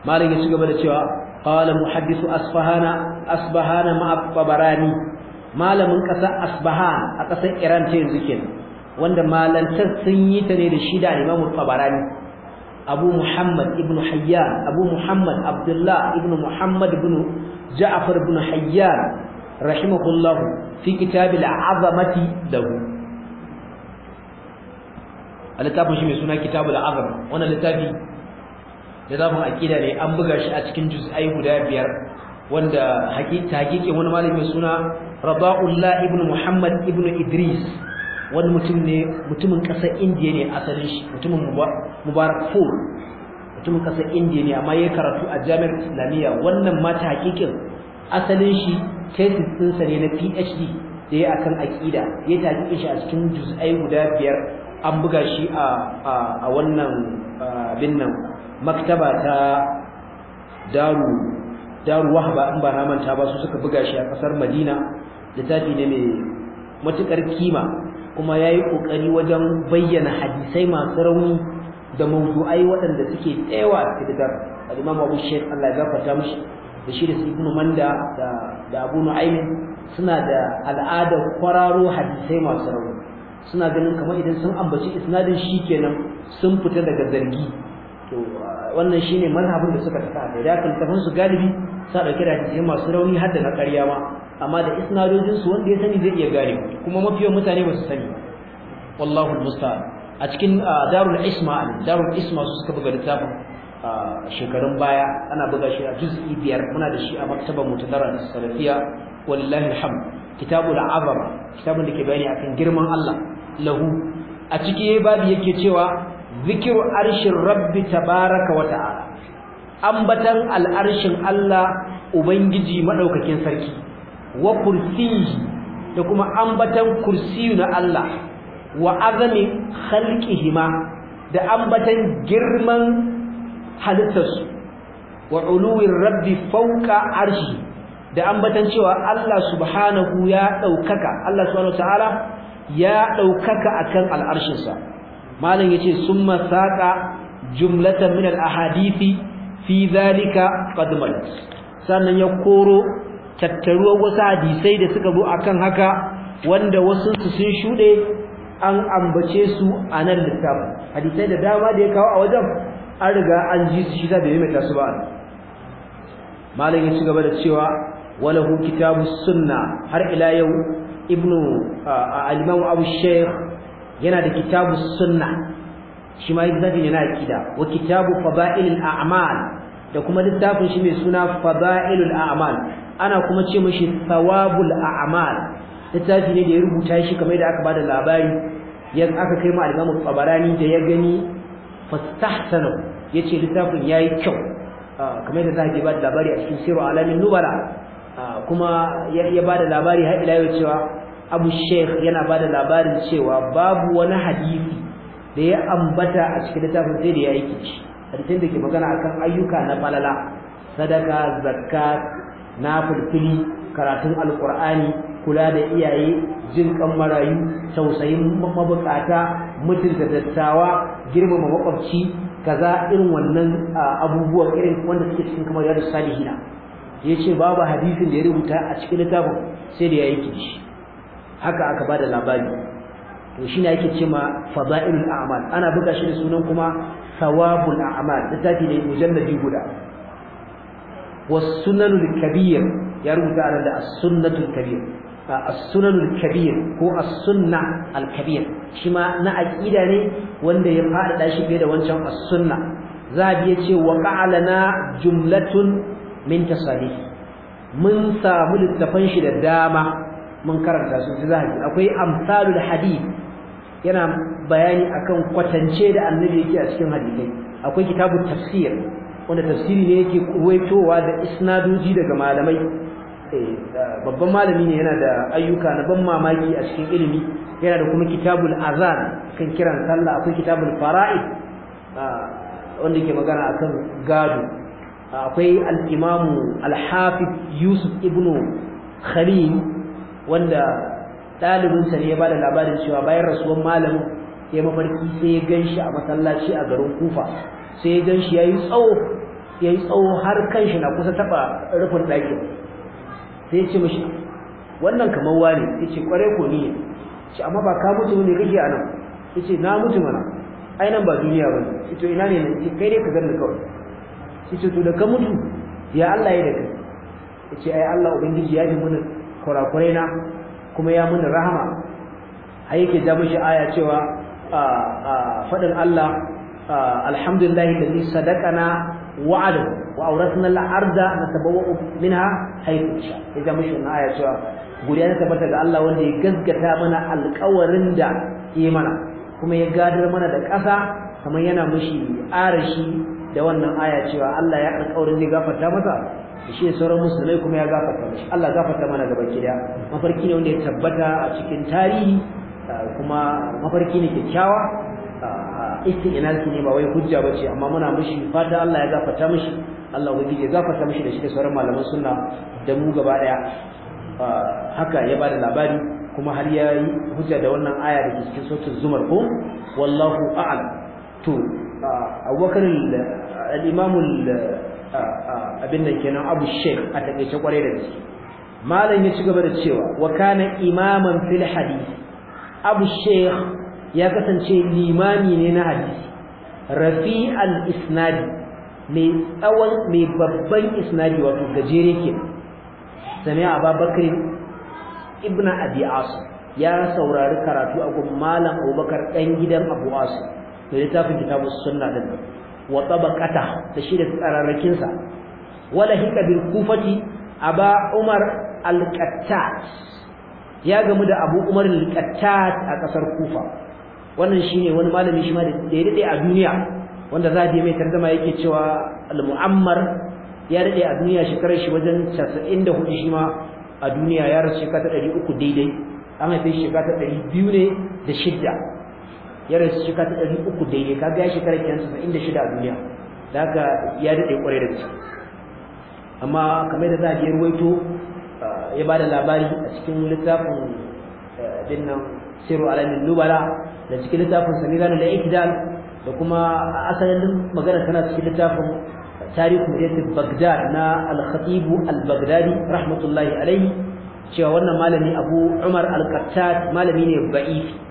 Malamin ya ci gaba da cewa qala muhaddisu Asfahana asbahana ma'a tabarani malamin kasa asbahan a kasar iran ta yanzu kenan wanda malantar sun yi ta ne da shi da imamu tabarani abu muhammad ibn hayyan abu muhammad abdullah ibn muhammad ibn ja'far ibn hayyan rahimahullahu fi kitab al-azamati A littafin shi mai suna kitabul azam wannan littafi littafin akida ne an buga shi a cikin juz'ai guda biyar wanda hakikin wani malami suna Raba'ullah ibn Muhammad ibn Idris wani mutum ne mutumin kasar Indiya ne asalin shi mutumin Mubarakpur mutumin kasar Indiya ne amma ya karatu a Jami'ar Islamiyya wannan mata hakikin asalin shi thesis ɗinsa ne na PhD da ya akan aƙida ya tafi shi a cikin juz'ai guda biyar an buga shi a wannan binnan maktaba ta daru daru wahba in ba na manta ba su suka buga shi a kasar madina littafi ne mai matukar kima kuma yayi yi wajen bayyana hadisai masu rauni da mawdu'ai waɗanda suke tsewa a fitar imam abu shek allah ya gafarta mashi da shi da Ibn manda da abu Nu'aym suna da al'adar kwararo hadisai masu rauni suna ganin kamar idan sun ambaci isnadin shi kenan sun fita daga zargi to wannan shine mazhabin da suka tafi da dakan tafin su galibi sa dauke da hadisi masu rauni har da na ƙarya ma amma da isnadojin su wanda ya sani zai iya gane kuma yawan mutane ba su sani wallahu almusta'an a cikin darul isma darul isma su suka buga littafin shekarun baya ana buga shi a juz'i biyar muna da shi a maktabar mutadara salafiya wallahi alhamd kitabul azama kitabun da ke bayani akan girman Allah lahu a ciki babu yake cewa zikiru arshin rabbi tabaraka wa ta'ala ambatan al'arshin Allah ubangiji madaukakin sarki wa kursiyi da kuma ambatan kursiyu na Allah wa azami khalqihima da ambatan girman halittarsu wa uluwin rabbi fauka arshi da ambatan cewa Allah subhanahu ya daukaka Allah subhanahu ta'ala ya daukaka akan al'arshinsa malam yace summa saqa jumlatan min al-ahadithi fi dhalika qad sannan ya koro tattaruwar wasu hadisai da suka zo akan haka wanda wasu su sun shude an ambace su a nan littafin hadisai da dama da ya kawo a wajen an riga an ji shi da bai mai tasu ba malam ya ci gaba da cewa walahu kitabus sunna har ila yau ibnu al-imam abu shaykh yana da kitabu sunna shi ma littafi ne na wa kitabu fada'ilul a'mal da kuma littafin shi mai suna fada'ilul a'mal ana kuma ce mashi thawabul a'mal littafi ne da ya rubuta shi kamar da aka bada labari ya aka kai mu al-Imam da ya gani fastahsanu yace littafin yayi kyau kamar da zaka ba da labari a cikin Sirru Alamin Nubala kuma ya ba da labari har ila yau cewa abu sheikh yana bada labarin cewa babu wani hadisi da ya ambata a cikin littafin sai da ya yi kici hadisin da ke magana akan ayyuka na falala sadaka zakka fulfili karatun alqur'ani kula da iyaye jin kan marayu tausayin mabukata mutunta dattawa girmama makwabci kaza irin wannan abubuwa irin wanda suke cikin kamar yadda salihina yace babu hadisin da ya rubuta a cikin littafin sai da ya yi kici haka aka bada labari to shine yake cewa fadailul a'mal ana buga shi da sunan kuma thawabul a'mal littafi ne mujalladi guda was-sunanul kabir ya rubuta anan da as-sunnatul kabir as-sunanul kabir ko as-sunna al-kabir shi ma na aqida ne wanda ya fada shi fiye da wancan as-sunna zabi yace waqa'alana jumlatun min tasahih mun samu littafan shi da dama mun karanta su zahabi akwai amsalul hadith yana bayani akan kwatance da annabi yake a cikin hadisai akwai kitabu tafsir wanda tafsiri ne yake kuwaitowa da isnadoji daga malamai eh, babban malami ne yana da ayyuka na ban mamaki a cikin ilimi yana da kuma kitabul azan kan kiran sallah akwai kitabul fara'id ah, wanda ke magana akan gado akwai al-imamu al-hafiz yusuf ibnu khalil wanda ɗalibinsa ne ya bada labarin cewa bayan rasuwan malamin ya mafarki sai ya gan shi a masallaci a garin kufa sai ya gan shi ya yi tsawo yayi tsawo har kan shi na kusa taɓa rufin daki sai ya ce mishi wannan kamar wani ya ce ƙware ko ni ce amma ba ka mutu ne kake a nan ya ce na mutu mana ai nan ba duniya ba ne to ina ne ne kai dai ka ganni kawai ya ce to da ka mutu ya Allah ya daka yace ya ce ai Allah ubangiji ya ji munin kurakurai na kuma ya muni rahama aiki yake da mishi aya cewa fadin Allah alhamdulillahi alladhi sadaqana wa'ada wa awrathna al-arda natabawwa'u minha haythu sha idan mushi na aya cewa guriya ta tabbata ga Allah wanda ya gaskata mana alƙawarin da yi mana kuma ya gadar mana da ƙasa kamar yana mishi arashi da wannan aya cewa Allah ya alƙawarin zai gafarta masa shi sauran musulmai kuma ya gafarta mishi Allah gafarta mana gaba kida mafarki ne wanda ya tabbata a cikin tarihi kuma mafarki ne kyakkyawa su ne ba wai hujja ba ce amma muna mishi fata Allah ya gafarta mishi Allah wani ya gafarta mishi da shi da sauran malaman sunna da mu gaba daya haka ya bada labari kuma har ya yi hujja da wannan aya da ke cikin sautin zumar ko wallahu a'lam to abubakar al’imamun abin da kenan abu sheik a taƙaice kwarai da gaske malam ya ci gaba da cewa wa kana imaman fil hadisi abu sheik ya kasance limami ne na hadisi rafi al’isnadi mai tsawon mai babban isnadi wato gajere ke sami abubakar ibn abi asu ya saurari karatu a gun malam abubakar ɗan gidan abu asu da littafin kitabus sunna din wa tabaqata da shi da tsararrakin sa wala hika bil kufati aba umar al-qattat ya gamu da abu umar al-qattat a kasar kufa wannan shine wani malami shi ma da dade a duniya wanda za mai tarjuma yake cewa al-mu'ammar ya daɗe a duniya shekarar shi wajen 94 shi ma a duniya ya rasu shekara 300 daidai an haife shekara 200 ne da shidda ya rasu ka ta ɗari uku daidai ka ga ya shekara kenan saba'in da shida a duniya da haka ya daɗe ƙwarai da gaske amma kamar da za a biyar waito ya ba da labari a cikin littafin din nan siru alamin nubala da cikin littafin samira na la'ikidal da kuma asalin magana tana cikin littafin tarihu mujaddid bagdad na al albagdadi rahmatullahi alaihi cewa wannan malami abu umar al malami ne ba'ifi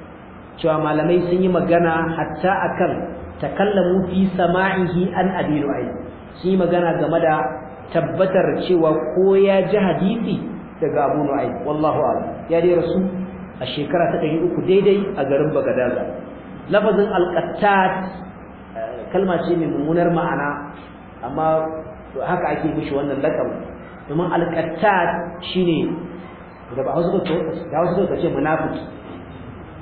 cewa malamai sun yi magana hatta akan takallamu fi sama'ihi an abi ai sun yi magana game da tabbatar cewa ko ya ji hadisi daga abu ru'ay wallahu a'lam ya dai rasu a shekara ta uku daidai a garin Bagadaza lafazin alqattat eh, kalma ce mai mummunar ma'ana amma haka ake mishi wannan lakabi domin alqattat shine da ba hausa da ce munafiki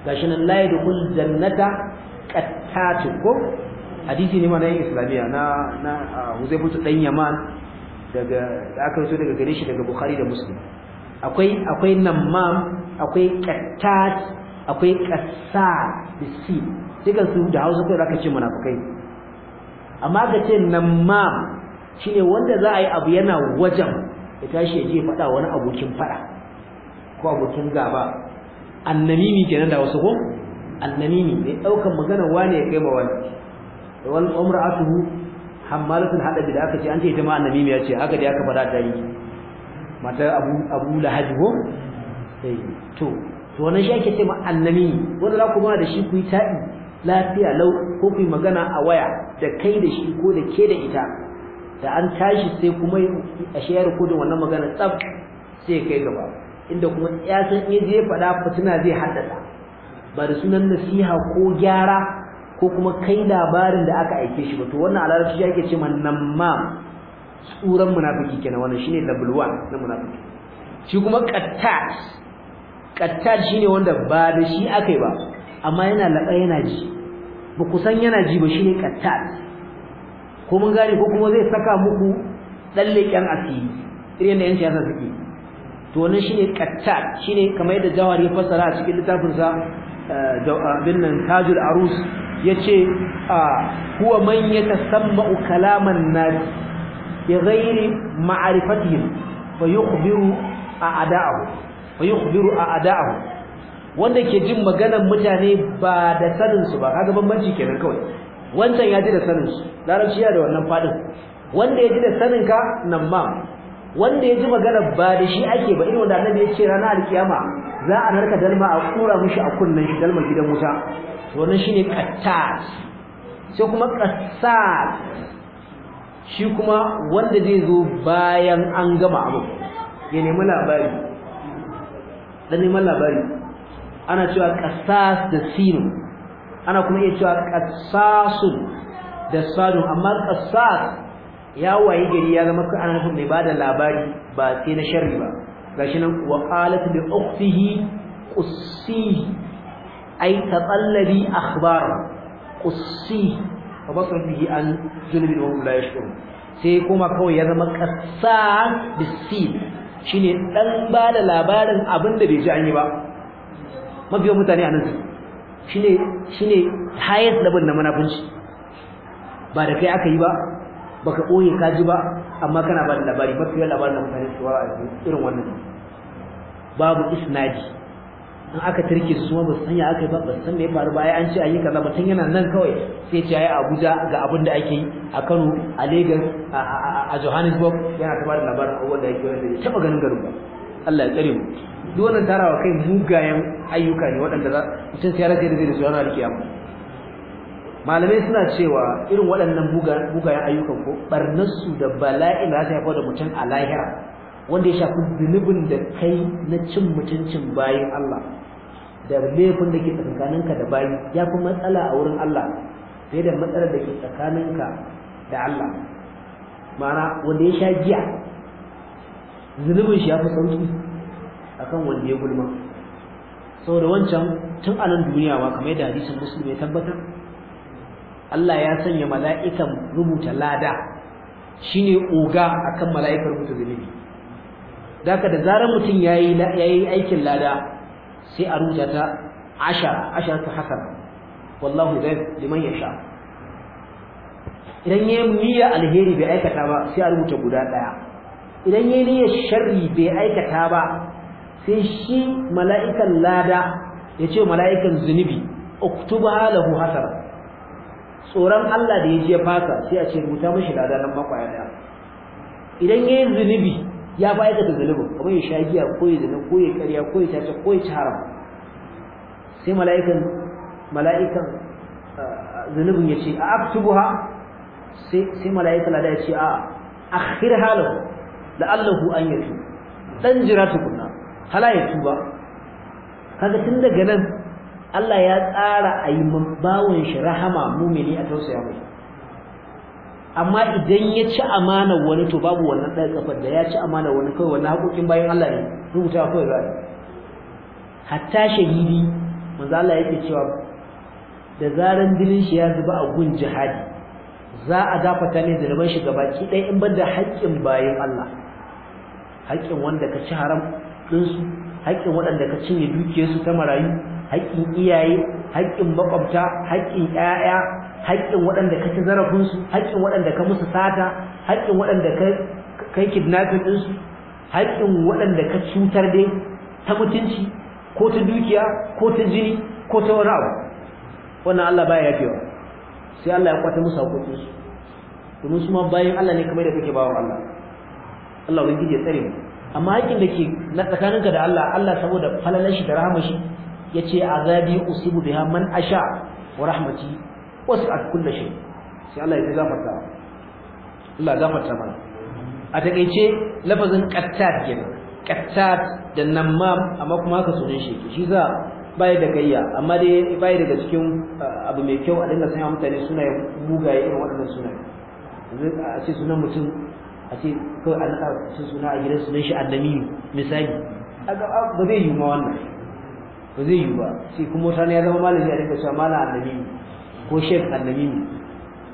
gashi nan da yadkhul jannata ko hadisi ne mana yin islamiya na na mutu dan Yaman daga aka rawaito daga gare shi daga Bukhari da Muslim akwai akwai namam akwai qattat akwai qassa bisi dukan su da Hausa kai zaka ce munafikai amma ga ce namam shine wanda za a yi abu yana wajen ya tashi ya je faɗa wani abokin faɗa ko abokin gaba annamimi kenan da wasu ko annamimi mai daukan magana wani ya kai ma wani wal umra'atuhu hammalatul hadabi da aka ce an ce ita ma annamimi ya ce haka dai aka fara ta yi mata abu abu lahaj ko eh, to to wannan shi ake ce ma annamimi wanda za ku ma da shi ku yi ta'i lafiya lau ko ku yi magana a waya da kai da shi ko da ke da ita da an tashi sai kuma a shayar ko da wannan magana tsaf sai kai gaba inda kuma ya san in je faɗa fitina zai haddasa ba da sunan nasiha ko gyara ko kuma kai labarin da aka aike shi ba to wannan a larabci ke ce ma ma tsuran munafiki kenan wannan shine labulwa na munafiki shi kuma qattat qattat shine wanda ba da shi akai ba amma yana laba yana ji ba ku san yana ji ba shine qattat ko mun gane ko kuma zai saka muku dan leken asiri irin da yan siyasa suke to wannan shine qattat shine kamar yadda jawari ya fassara a cikin littafin sa eh, abin nan tajul arus yace ah, huwa man yatasamma'u kalaman nas bi ghairi ma'rifatihim fa yukhbiru a'da'ahu fa yukhbiru a'da'ahu wanda ke jin maganar mutane ba da saninsu ba kaga bambanci kenan kawai wancan ya ji da saninsu larabci yana da wannan fadin wanda ya ji da saninka nan ma wanda ya ji magana ba da shi ake ba irin wanda annabi ya ce ranar alkiyama za a narka dalma a kura mishi a kunnen shi dalmar gidan wuta wannan shine qattat sai kuma qassat shi kuma wanda zai zo bayan an gama abu ya nemi labari dan neman labari ana cewa qassas da sinu ana kuma iya cewa qassasun da sadu amma qassas ya waye gari ya zama ka ana mai bada labari ba sai na sharri ba gashi nan wa qalat bi ukhtihi qussi ay tatallabi akhbar qussi fa basar bihi an junubi wa la yashkur sai kuma kawai ya zama bi bisi shine dan bada labarin abinda bai ji an yi ba mafiya mutane anan shine shine da level na munafunci ba da kai aka yi ba baka ɓoye ka ji ba amma kana ba da labari mafi yawan labarin da mutane su wara irin wannan babu isnadi in aka turke su ma ba su sanya aka yi ba ba su san me ya faru ba ai an ce ayi kaza mutum yana nan kawai sai ce ayi Abuja ga abin da ake yi a Kano a Lagos a Johannesburg yana ta bada labarin abubuwan da ake wanda ya taɓa ganin garin ba Allah ya tsare mu duk wannan tarawa kai mugayen ayyuka ne waɗanda mutum sai ya rage da zai da su yana rike amma malamai suna cewa irin waɗannan bugayen ayyukan ko Ɓarnarsu da bala'in da za ta haifar da mutum a lahira wanda ya shafi zunubin da kai na cin mutuncin bayan Allah da laifin da ke tsakaninka da bayi ya fi matsala a wurin Allah fiye da matsalar da ke tsakaninka da Allah ma'ana wanda ya sha giya zunubin shi ya fi sauki akan wanda ya gulma saboda wancan tun a nan duniya ma kamar yadda hadisin musulmi ya tabbatar Allah ya sanya mala'ikan rubuta lada shine oga akan mala'ikan rubuta zunubi daka da zarar mutum yayi yayi aikin lada sai a rubuta ta ashara ta hasana wallahu zai liman yasha idan yayi niyya alheri bai aikata ba sai a rubuta guda daya idan yayi niyyar sharri bai aikata ba sai shi mala'ikan lada yace mala'ikan zunubi uktubaha lahu hasana tsoron Allah da ya je fasa sai a ce rubuta mashi lada nan makwaya daya idan ya yi zunubi ya ba aikata zunubin kuma ya sha giya ko ya zina ko ya karya ko ya tace ko ya ci haram sai mala'ikan mala'ikan zunubin ya ce a aktubuha sai sai mala'ikan lada ya ce a akhirha lahu la'allahu an yatu dan jira tukunna hala ya tuba kaga tun daga nan Allah ya tsara a yi shi rahama mumini a tausaya mai amma idan ya ci amanar wani to babu wannan ɗaya kafar da ya ci amanar wani kawai wannan haƙoƙin bayan Allah ne rubuta kawai yi, hatta shahidi manzo Allah yake cewa da zarar dilin shi ya zuba a gun jihadi za a dafata ne da ban shi gabaki dai in banda haƙƙin bayan Allah haƙƙin wanda ka ci haram ɗinsu haƙƙin waɗanda ka cinye dukiyarsu ta marayu haƙƙin iyaye haƙƙin makwabta haƙƙin ƴaƴa haƙƙin waɗanda ka ci su haƙƙin waɗanda ka musu sata haƙƙin waɗanda ka kai kidnapping ɗinsu haƙƙin waɗanda ka cutar dai ta mutunci ko ta dukiya ko ta jini ko ta wani abu wannan Allah baya yafewa sai Allah ya kwata musu su domin su ma bayan Allah ne kamar da kake bawa Allah Allah ubangiji ya tsare mu amma haƙƙin da ke na tsakaninka da Allah Allah saboda falalar shi da rahama shi yace azabi usibu biha man asha wa rahmati wasi'at kulli shay sai Allah ya gafarta Allah ya gafarta mana a takeice lafazin qattat gina qattat da namam amma kuma haka sunan shi shi za bai da gayya amma dai bai daga cikin uh, abu mai kyau a dinga sanya mutane sunayen mugaye irin waɗannan sunaye yanzu a ce sunan mutum a ce kawai an suna a gidan sunan shi annami misali ah, ba zai yi ma wannan ba zai yi ba sai kuma wata ya zama malami a rika cewa malam annabi ko shek annabi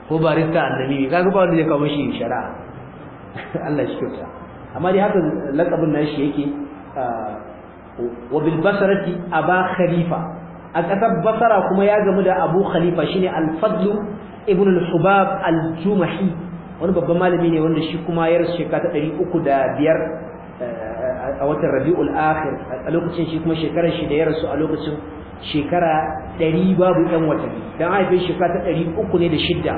ko barista annabi kaga ba wanda zai kawo shi shari'a Allah shi kyauta amma dai haka lakabin nan shi yake ah, wa bil basarati aba khalifa a kasar basara kuma ya gamu da abu khalifa shine al-fadl ibn al-hubab al-jumahi wani babban malami ne wanda shi kuma ya rasu shekara ta 305 a watan rabi'ul akhir a lokacin shi kuma shekarar shi da ya rasu a lokacin shekara ɗari babu ɗan watanni don haifin shekara ta ɗari uku ne da shidda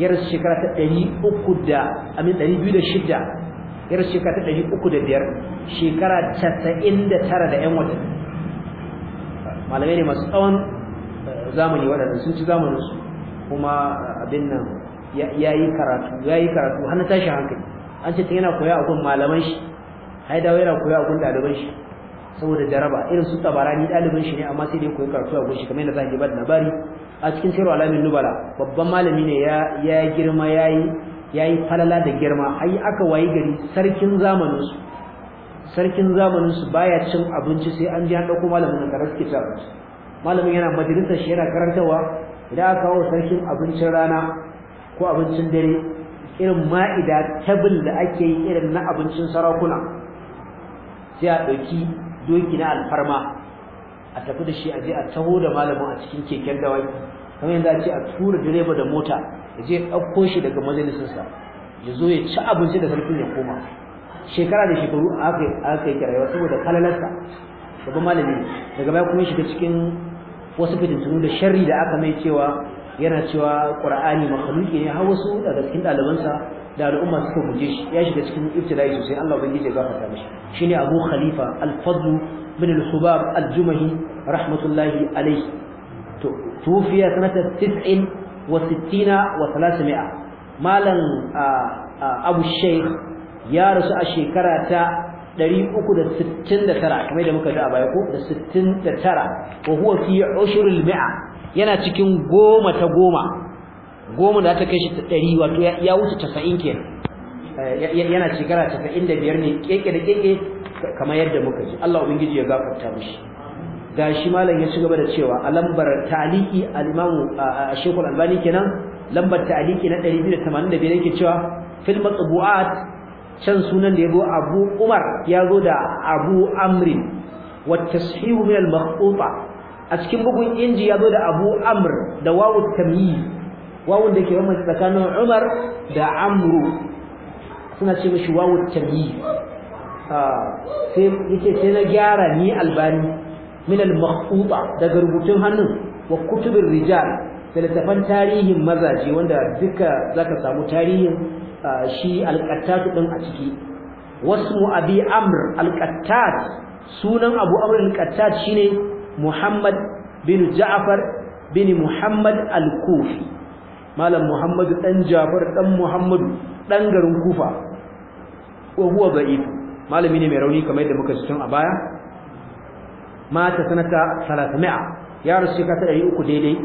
ya rasu shekara ta ɗari uku da amin ɗari biyu da shidda ya rasu shekara ta ɗari uku da biyar shekara casa'in da tara da ƴan watanni malamai ne masu tsawon eh, zamani waɗanda sun ci zamaninsu kuma eh, abin nan ya yi karatu ya yi karatu har na tashi hankali an ce ta yana koya a gun malaman shi ai dawo yana koya a gun daliban shi saboda jaraba irin su tabarani daliban shi ne amma sai dai koyi karatu a gun shi kamar yadda zaki bada labari a cikin sirru alamin nubala babban malami ne ya ya girma yayi yayi falala da girma ai aka wayi gari sarkin zamanin su sarkin zamanin su baya cin abinci sai an ji an dauko malamin da raske ta malamin yana majalisar shi yana karantawa idan aka kawo sarkin abincin rana ko abincin dare irin ma'ida tabil da ake yi irin na abincin sarakuna sai a ɗauki doki na alfarma a tafi da shi a je a taho da malamin a cikin keken dawaki kamar yanzu a ce a tura direba da mota ya je ɗauko shi daga majalisinsa ya zo ya ci abinci da sarkin ya koma shekara da shekaru aka yi rayuwa saboda kalalarsa babban malami daga baya kuma shiga cikin wasu fitintunu da sharri da aka mai cewa yana cewa ƙura'ani makhluki ne har wasu daga cikin ɗalibansa da al'umma suka guje shi ya shiga cikin ibtila'i sosai Allah ubangiji ya gafarta mishi shine Abu Khalifa al-Fadl bin al-Hubab al-Jumahi rahmatullahi alayhi to tufiya sanata 69 wa 300 malam Abu Sheikh ya rasu a shekara ta 369 kamar da muka ji a baya ko da 69 wa huwa fi ushrul mi'a yana cikin goma ta goma goma da ta kai shi ɗari wato ya wuce casa'in ke eh, yana shekara casa'in da biyar ne keke da keke kamar yadda muka ji Allah ubangiji ya gafarta mishi ga shi malam ya ci gaba da cewa a lambar ta'aliki al-imamu a shekul albani kenan lambar ta'aliki na 285 yake cewa fil matbu'at can sunan da yazo Abu Umar yazo da Abu Amr wa tashihu min al-makhtuta a cikin bugun inji yazo da Abu Amr da wawu tamyiz wawun da ke bambanci tsakanin Umar da Amru suna ce mishi wawu tamyiz sai sai na gyara ni albani min al-makhfuta daga rubutun hannun wa kutubir rijal da littafan tarihin mazaje wanda duka zaka samu tarihin shi al-qattat din a ciki wasmu abi amr al-qattat sunan abu amr al-qattat shine muhammad bin ja'far bin muhammad al-kufi malam muhammadu dan jafar dan muhammadu dan garin kufa wa huwa da'if malami ne mai rauni kamar yadda muka cikin a baya mata sanata 300 ya rasu shekara 300 daidai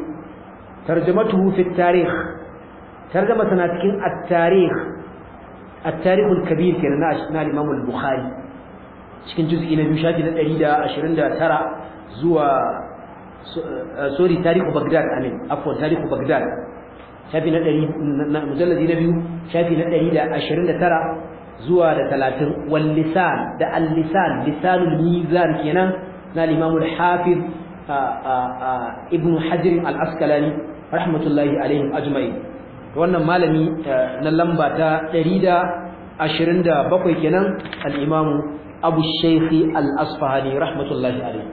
tarjamatuhu fi tarikh tarjama sana cikin at-tarikh at-tarikh al-kabir kenan na al-imam al-bukhari cikin juz'i na biyu shafi na 129 zuwa eh, sorry tarihu bagdad amin afwan tarihu bagdad shafi na ɗari mujalladi na biyu shafi na ɗari da ashirin da tara zuwa da talatin wal lisan da al lisan lisanul mizan kenan na limamu hafiz ibn hajar al askalani rahmatullahi alaihim ajma'in wannan malami eh, na lamba ta ɗari da ashirin da bakwai kenan al imamu abu shaykhi al asfahani rahmatullahi alaihim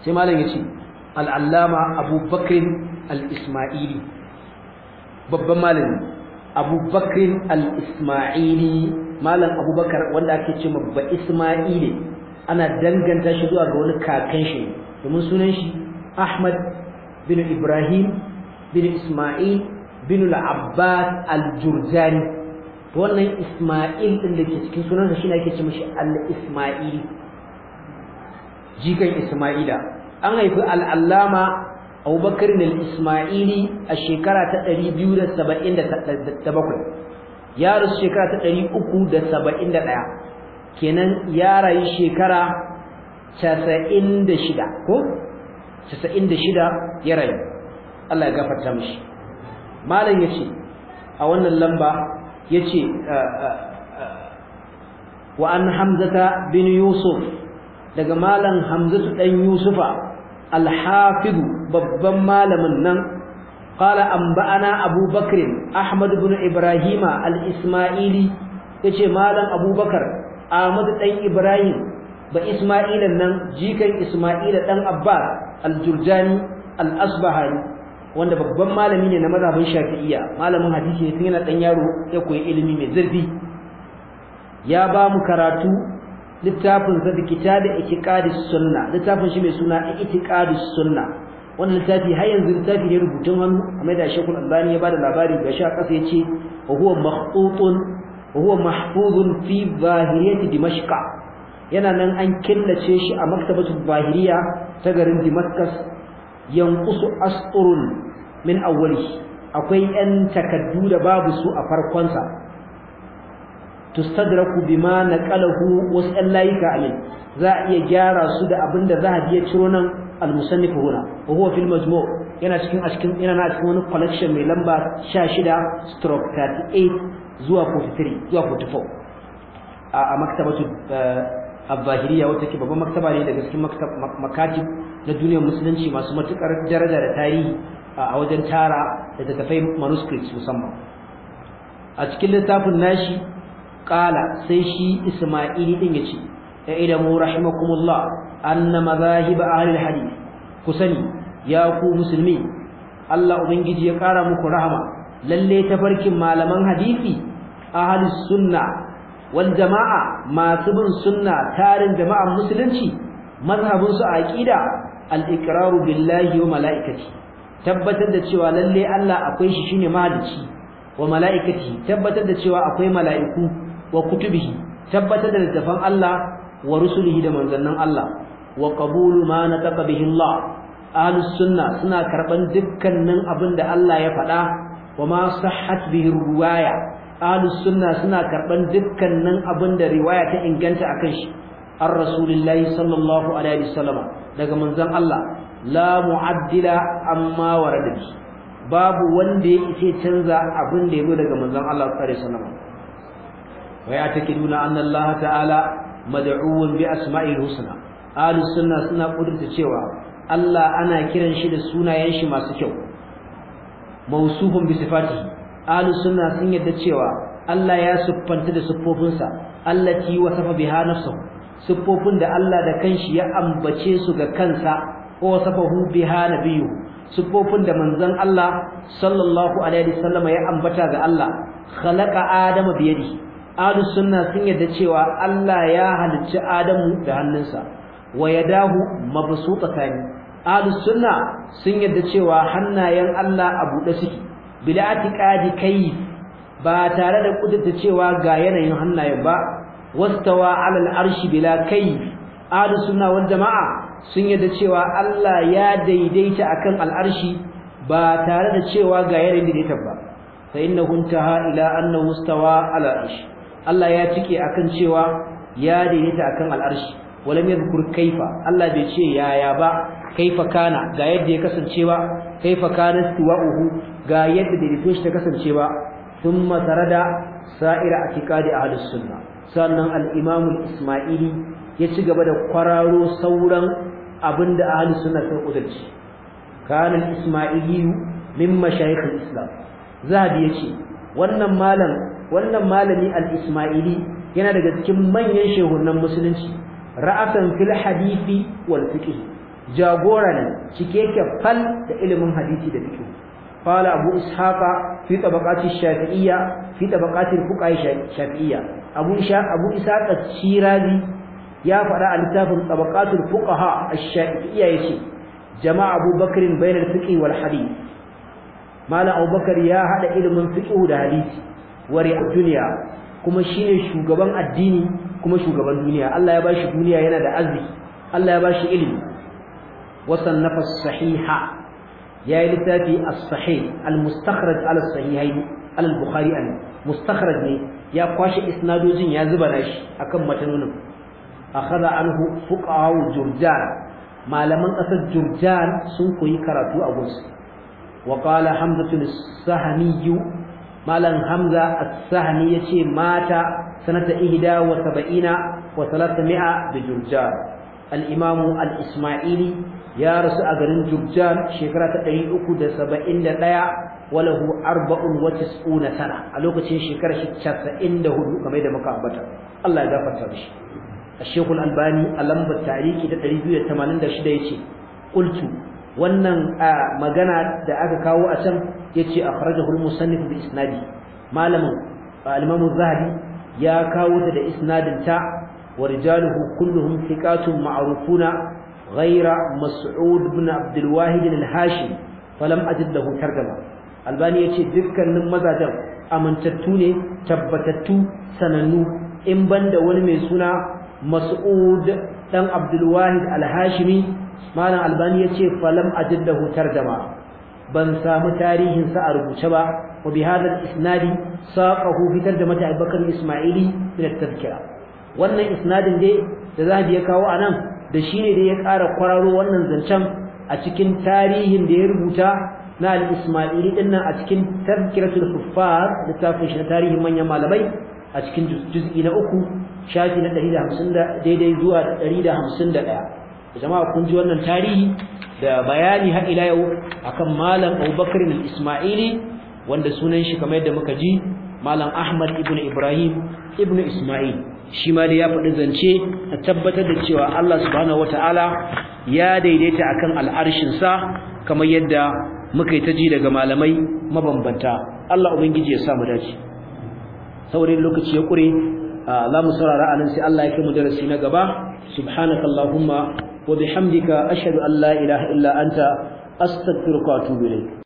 sai malam ya ce al'allama abubakrin al'ismaili babban malami abubakrin al'ismaili malam abubakar wanda ake ce babba ismaili ana danganta shi zuwa ga wani kakan shi domin sunan shi ahmad bin ibrahim bin ismail bin al'abbas al-jurjani wannan ismail ɗin da ke cikin sunansa shi ne ake ce mashi al-ismaili jikan ismaila an haifi al'allama abubakar da ismaili a shekara ta 277 ya rasu shekara ta 371 kenan ya rayu shekara 96 ko 96 ya rayu Allah ya gafarta mishi malam yace a wannan lamba yace wa an hamzata bin yusuf daga malam hamzatu dan yusufa alhafidu babban malamin nan qala anba'ana abubakar ahmad ibn ibrahima al-isma'ili yace malam abubakar ahmad ɗan ibrahim ba isma'ilan nan jikan isma'ila ɗan abbas al-jurjani al-asbahani wanda babban malami ne na mazhabin shafi'iyya malamin hadisi ne tun yana ɗan yaro ya koyi ilimi mai zurfi ya ba mu karatu littafin sa da da itikadi sunna littafin shi mai suna itikadi sunna wannan littafi har yanzu littafi ne rubutun hannu amma da shekul albani ya bada labari ga sha kasa yace wa huwa makhutun wa huwa mahfuzun fi zahiriyati Dimashqa. yana nan an killace shi a maktabatul zahiriya ta garin dimaskas yanqusu asturun min awwalihi akwai yan takaddu da babu su a farkonsa tustadraku bima naqalahu wasu ɗan layuka amin za a iya gyara su da abinda zahabi ya ciro nan al-musannif huna wa huwa fil majmu' yana cikin askin yana na cikin wani collection mai lamba 16 stroke 38 zuwa 43 zuwa 44 a maktabatu eh, al-zahiriya wata ke babban maktaba ne daga cikin makatib na duniyar musulunci masu matukar daraja da tarihi a wajen tara da tafai manuscripts musamman a cikin littafin nashi Ƙala sai shi isma'ili din yace ya mu rahimakumullah anna madahib ahli alhadith kusani ya ku musulmi Allah ubangiji ya kara muku rahama lalle tafarkin malaman hadisi ahli sunna wal jama'a masu bin sunna tarin jama'an musulunci mazhabin su aqida al-iqraru billahi wa malaikati tabbatar da cewa lalle Allah akwai shi shine mahalici wa malaikati tabbatar da cewa akwai mala'iku wa kutubihi tabbatar da littafan Allah wa rusulihi da manzannin Allah wa qabulu ma nataqa bihi Allah ahlus sunna suna karban dukkanin abin da Allah ya faɗa wa ma sahhat bihi riwaya ahlus sunna suna karban dukkanin abin da riwaya ta inganta akan shi ar rasulillahi sallallahu alaihi wasallam daga manzon Allah la mu'addila amma warada babu wanda ya canza abin da ya zo daga manzon Allah sallallahu alaihi wasallam ويعتقدون أن الله تعالى مدعو بأسمائه الحسنى أهل السنة سنة قدرة cewa Allah ana kiran shi da sunayen shi masu kyau mausufun bi sifatihi ahli sun yarda cewa Allah ya siffanta da siffofinsa allati wasafa biha nafsuhu siffofin da Allah da kanshi ya ambace su ga kansa ko wasafahu biha nabiyyu siffofin da manzon Allah sallallahu alaihi wasallam ya ambata ga Allah khalaqa adama biyadihi ahlu sunna sun yadda cewa Allah ya halicci Adamu da hannunsa wa yadahu mabsutatani ahlu sunna sun yadda cewa hannayen Allah a buɗe suke bila atiqadi kai ba tare da kudurta cewa ga yanayin hannayen ba wastawa alal arshi bila kai ahlu sunna wal jamaa sun yadda cewa Allah ya daidaita akan al'arshi ba tare da cewa ga yanayin ya ba fa innahu ta ila annahu mustawa ala arshi Allah ya cike akan cewa ya daidaita akan al'arshi mai zukur kaifa Allah bai ce yaya ba kaifa kana ga yadda ya kasance ba kaifa kana uhu ga yadda daidaito shi ta kasance ba thumma tarada sa'ira atiqadi ahlus sunna sannan al-imam al-isma'ili ya ci gaba da kwararo sauran abinda ahlus sunna sun kudurci kana al-isma'ili min mashayikh al-islam zabi yace wannan malam wannan malami al-ismaili yana daga cikin manyan shehunan musulunci ra'asan fil hadisi wal fiqh jagora ne cike ke fal da ilimin hadisi da fiqh Fala abu ishaqa fi tabaqati shafi'iyya fi tabaqati fuqaha shafi'iyya abu isha abu ishaqa shirazi ya fada a littafin tabaqatul fuqaha ash-shafi'iyya yace jama'a abubakar bainal fiqh wal hadith mala abubakar ya hada ilimin fiqh da hadisi wari a duniya kuma shine shugaban addini kuma shugaban duniya Allah ya bashi duniya yana da arziki Allah ya bashi ilimi nafas sahiha ya yi littafi as-sahih al-mustakhraj ala sahihayn al-bukhari an mustakhraj ne ya kwashi isnadojin ya zuba nashi akan matanunin akhadha anhu fuqaha jurjan malaman kasar jurjan sun koyi karatu a gunsu wa qala hamzatu as-sahmiyyu malam hamza as-sahmi yace mata sanata ihda wa sab'ina wa thalathmi'a bi jurjan al-imamu al-isma'ili ya rasu a garin jurjan shekara ta 371 walahu arba'un wa tis'una sana a lokacin shekara shi 94 kamar da muka ambata Allah ya gafarta mishi الشيخ الألباني ألم بالتعليق 286 قلت wannan magana da aka kawo a can yace akhrajahu al-musannif bi isnadi malamin al-imam az-zahabi ya kawo ta da isnadin ta wa rijaluhu kulluhum thiqatun ma'rufuna ghayra mas'ud ibn abd al-wahid al-hashim falam ajid lahu tarjama albani yace dukkanin mazajen amintattu ne tabbatattu sanannu in banda wani mai suna mas'ud dan abdul wahid al-hashimi malam albani ce falam ajiddahu tarjama ban samu tarihin sa a rubuce ba wa bi hadal isnadi saqahu fi tarjamati abubakar isma'ili min at-tadhkira wannan isnadin dai da bi ya kawo anan da shine da ya ƙara kwararo wannan zancen a cikin tarihin da ya rubuta na al-isma'ili dinnan a cikin tadhkiratul kuffar littafin shi tarihin manyan malamai a cikin juz'i na uku shafi na 150 daidai zuwa 151 jama'a kun ji wannan tarihi da bayani har ila yau akan malam Abubakar al-Ismaili wanda sunan shi kamar yadda muka ji malam Ahmad ibn Ibrahim ibn Ismail shi ma da ya faɗi zance a tabbatar da cewa Allah subhanahu wataala ya daidaita akan al'arshin sa kamar yadda muka yi ta ji daga malamai mabambanta Allah ubangiji ya sa mu dace saurin lokaci ya kure za mu saurara anan sai Allah ya kai mu darasi na gaba subhanakallahumma wa hamdika ashhadu allah la ilaha illa anta astaghfiruka wa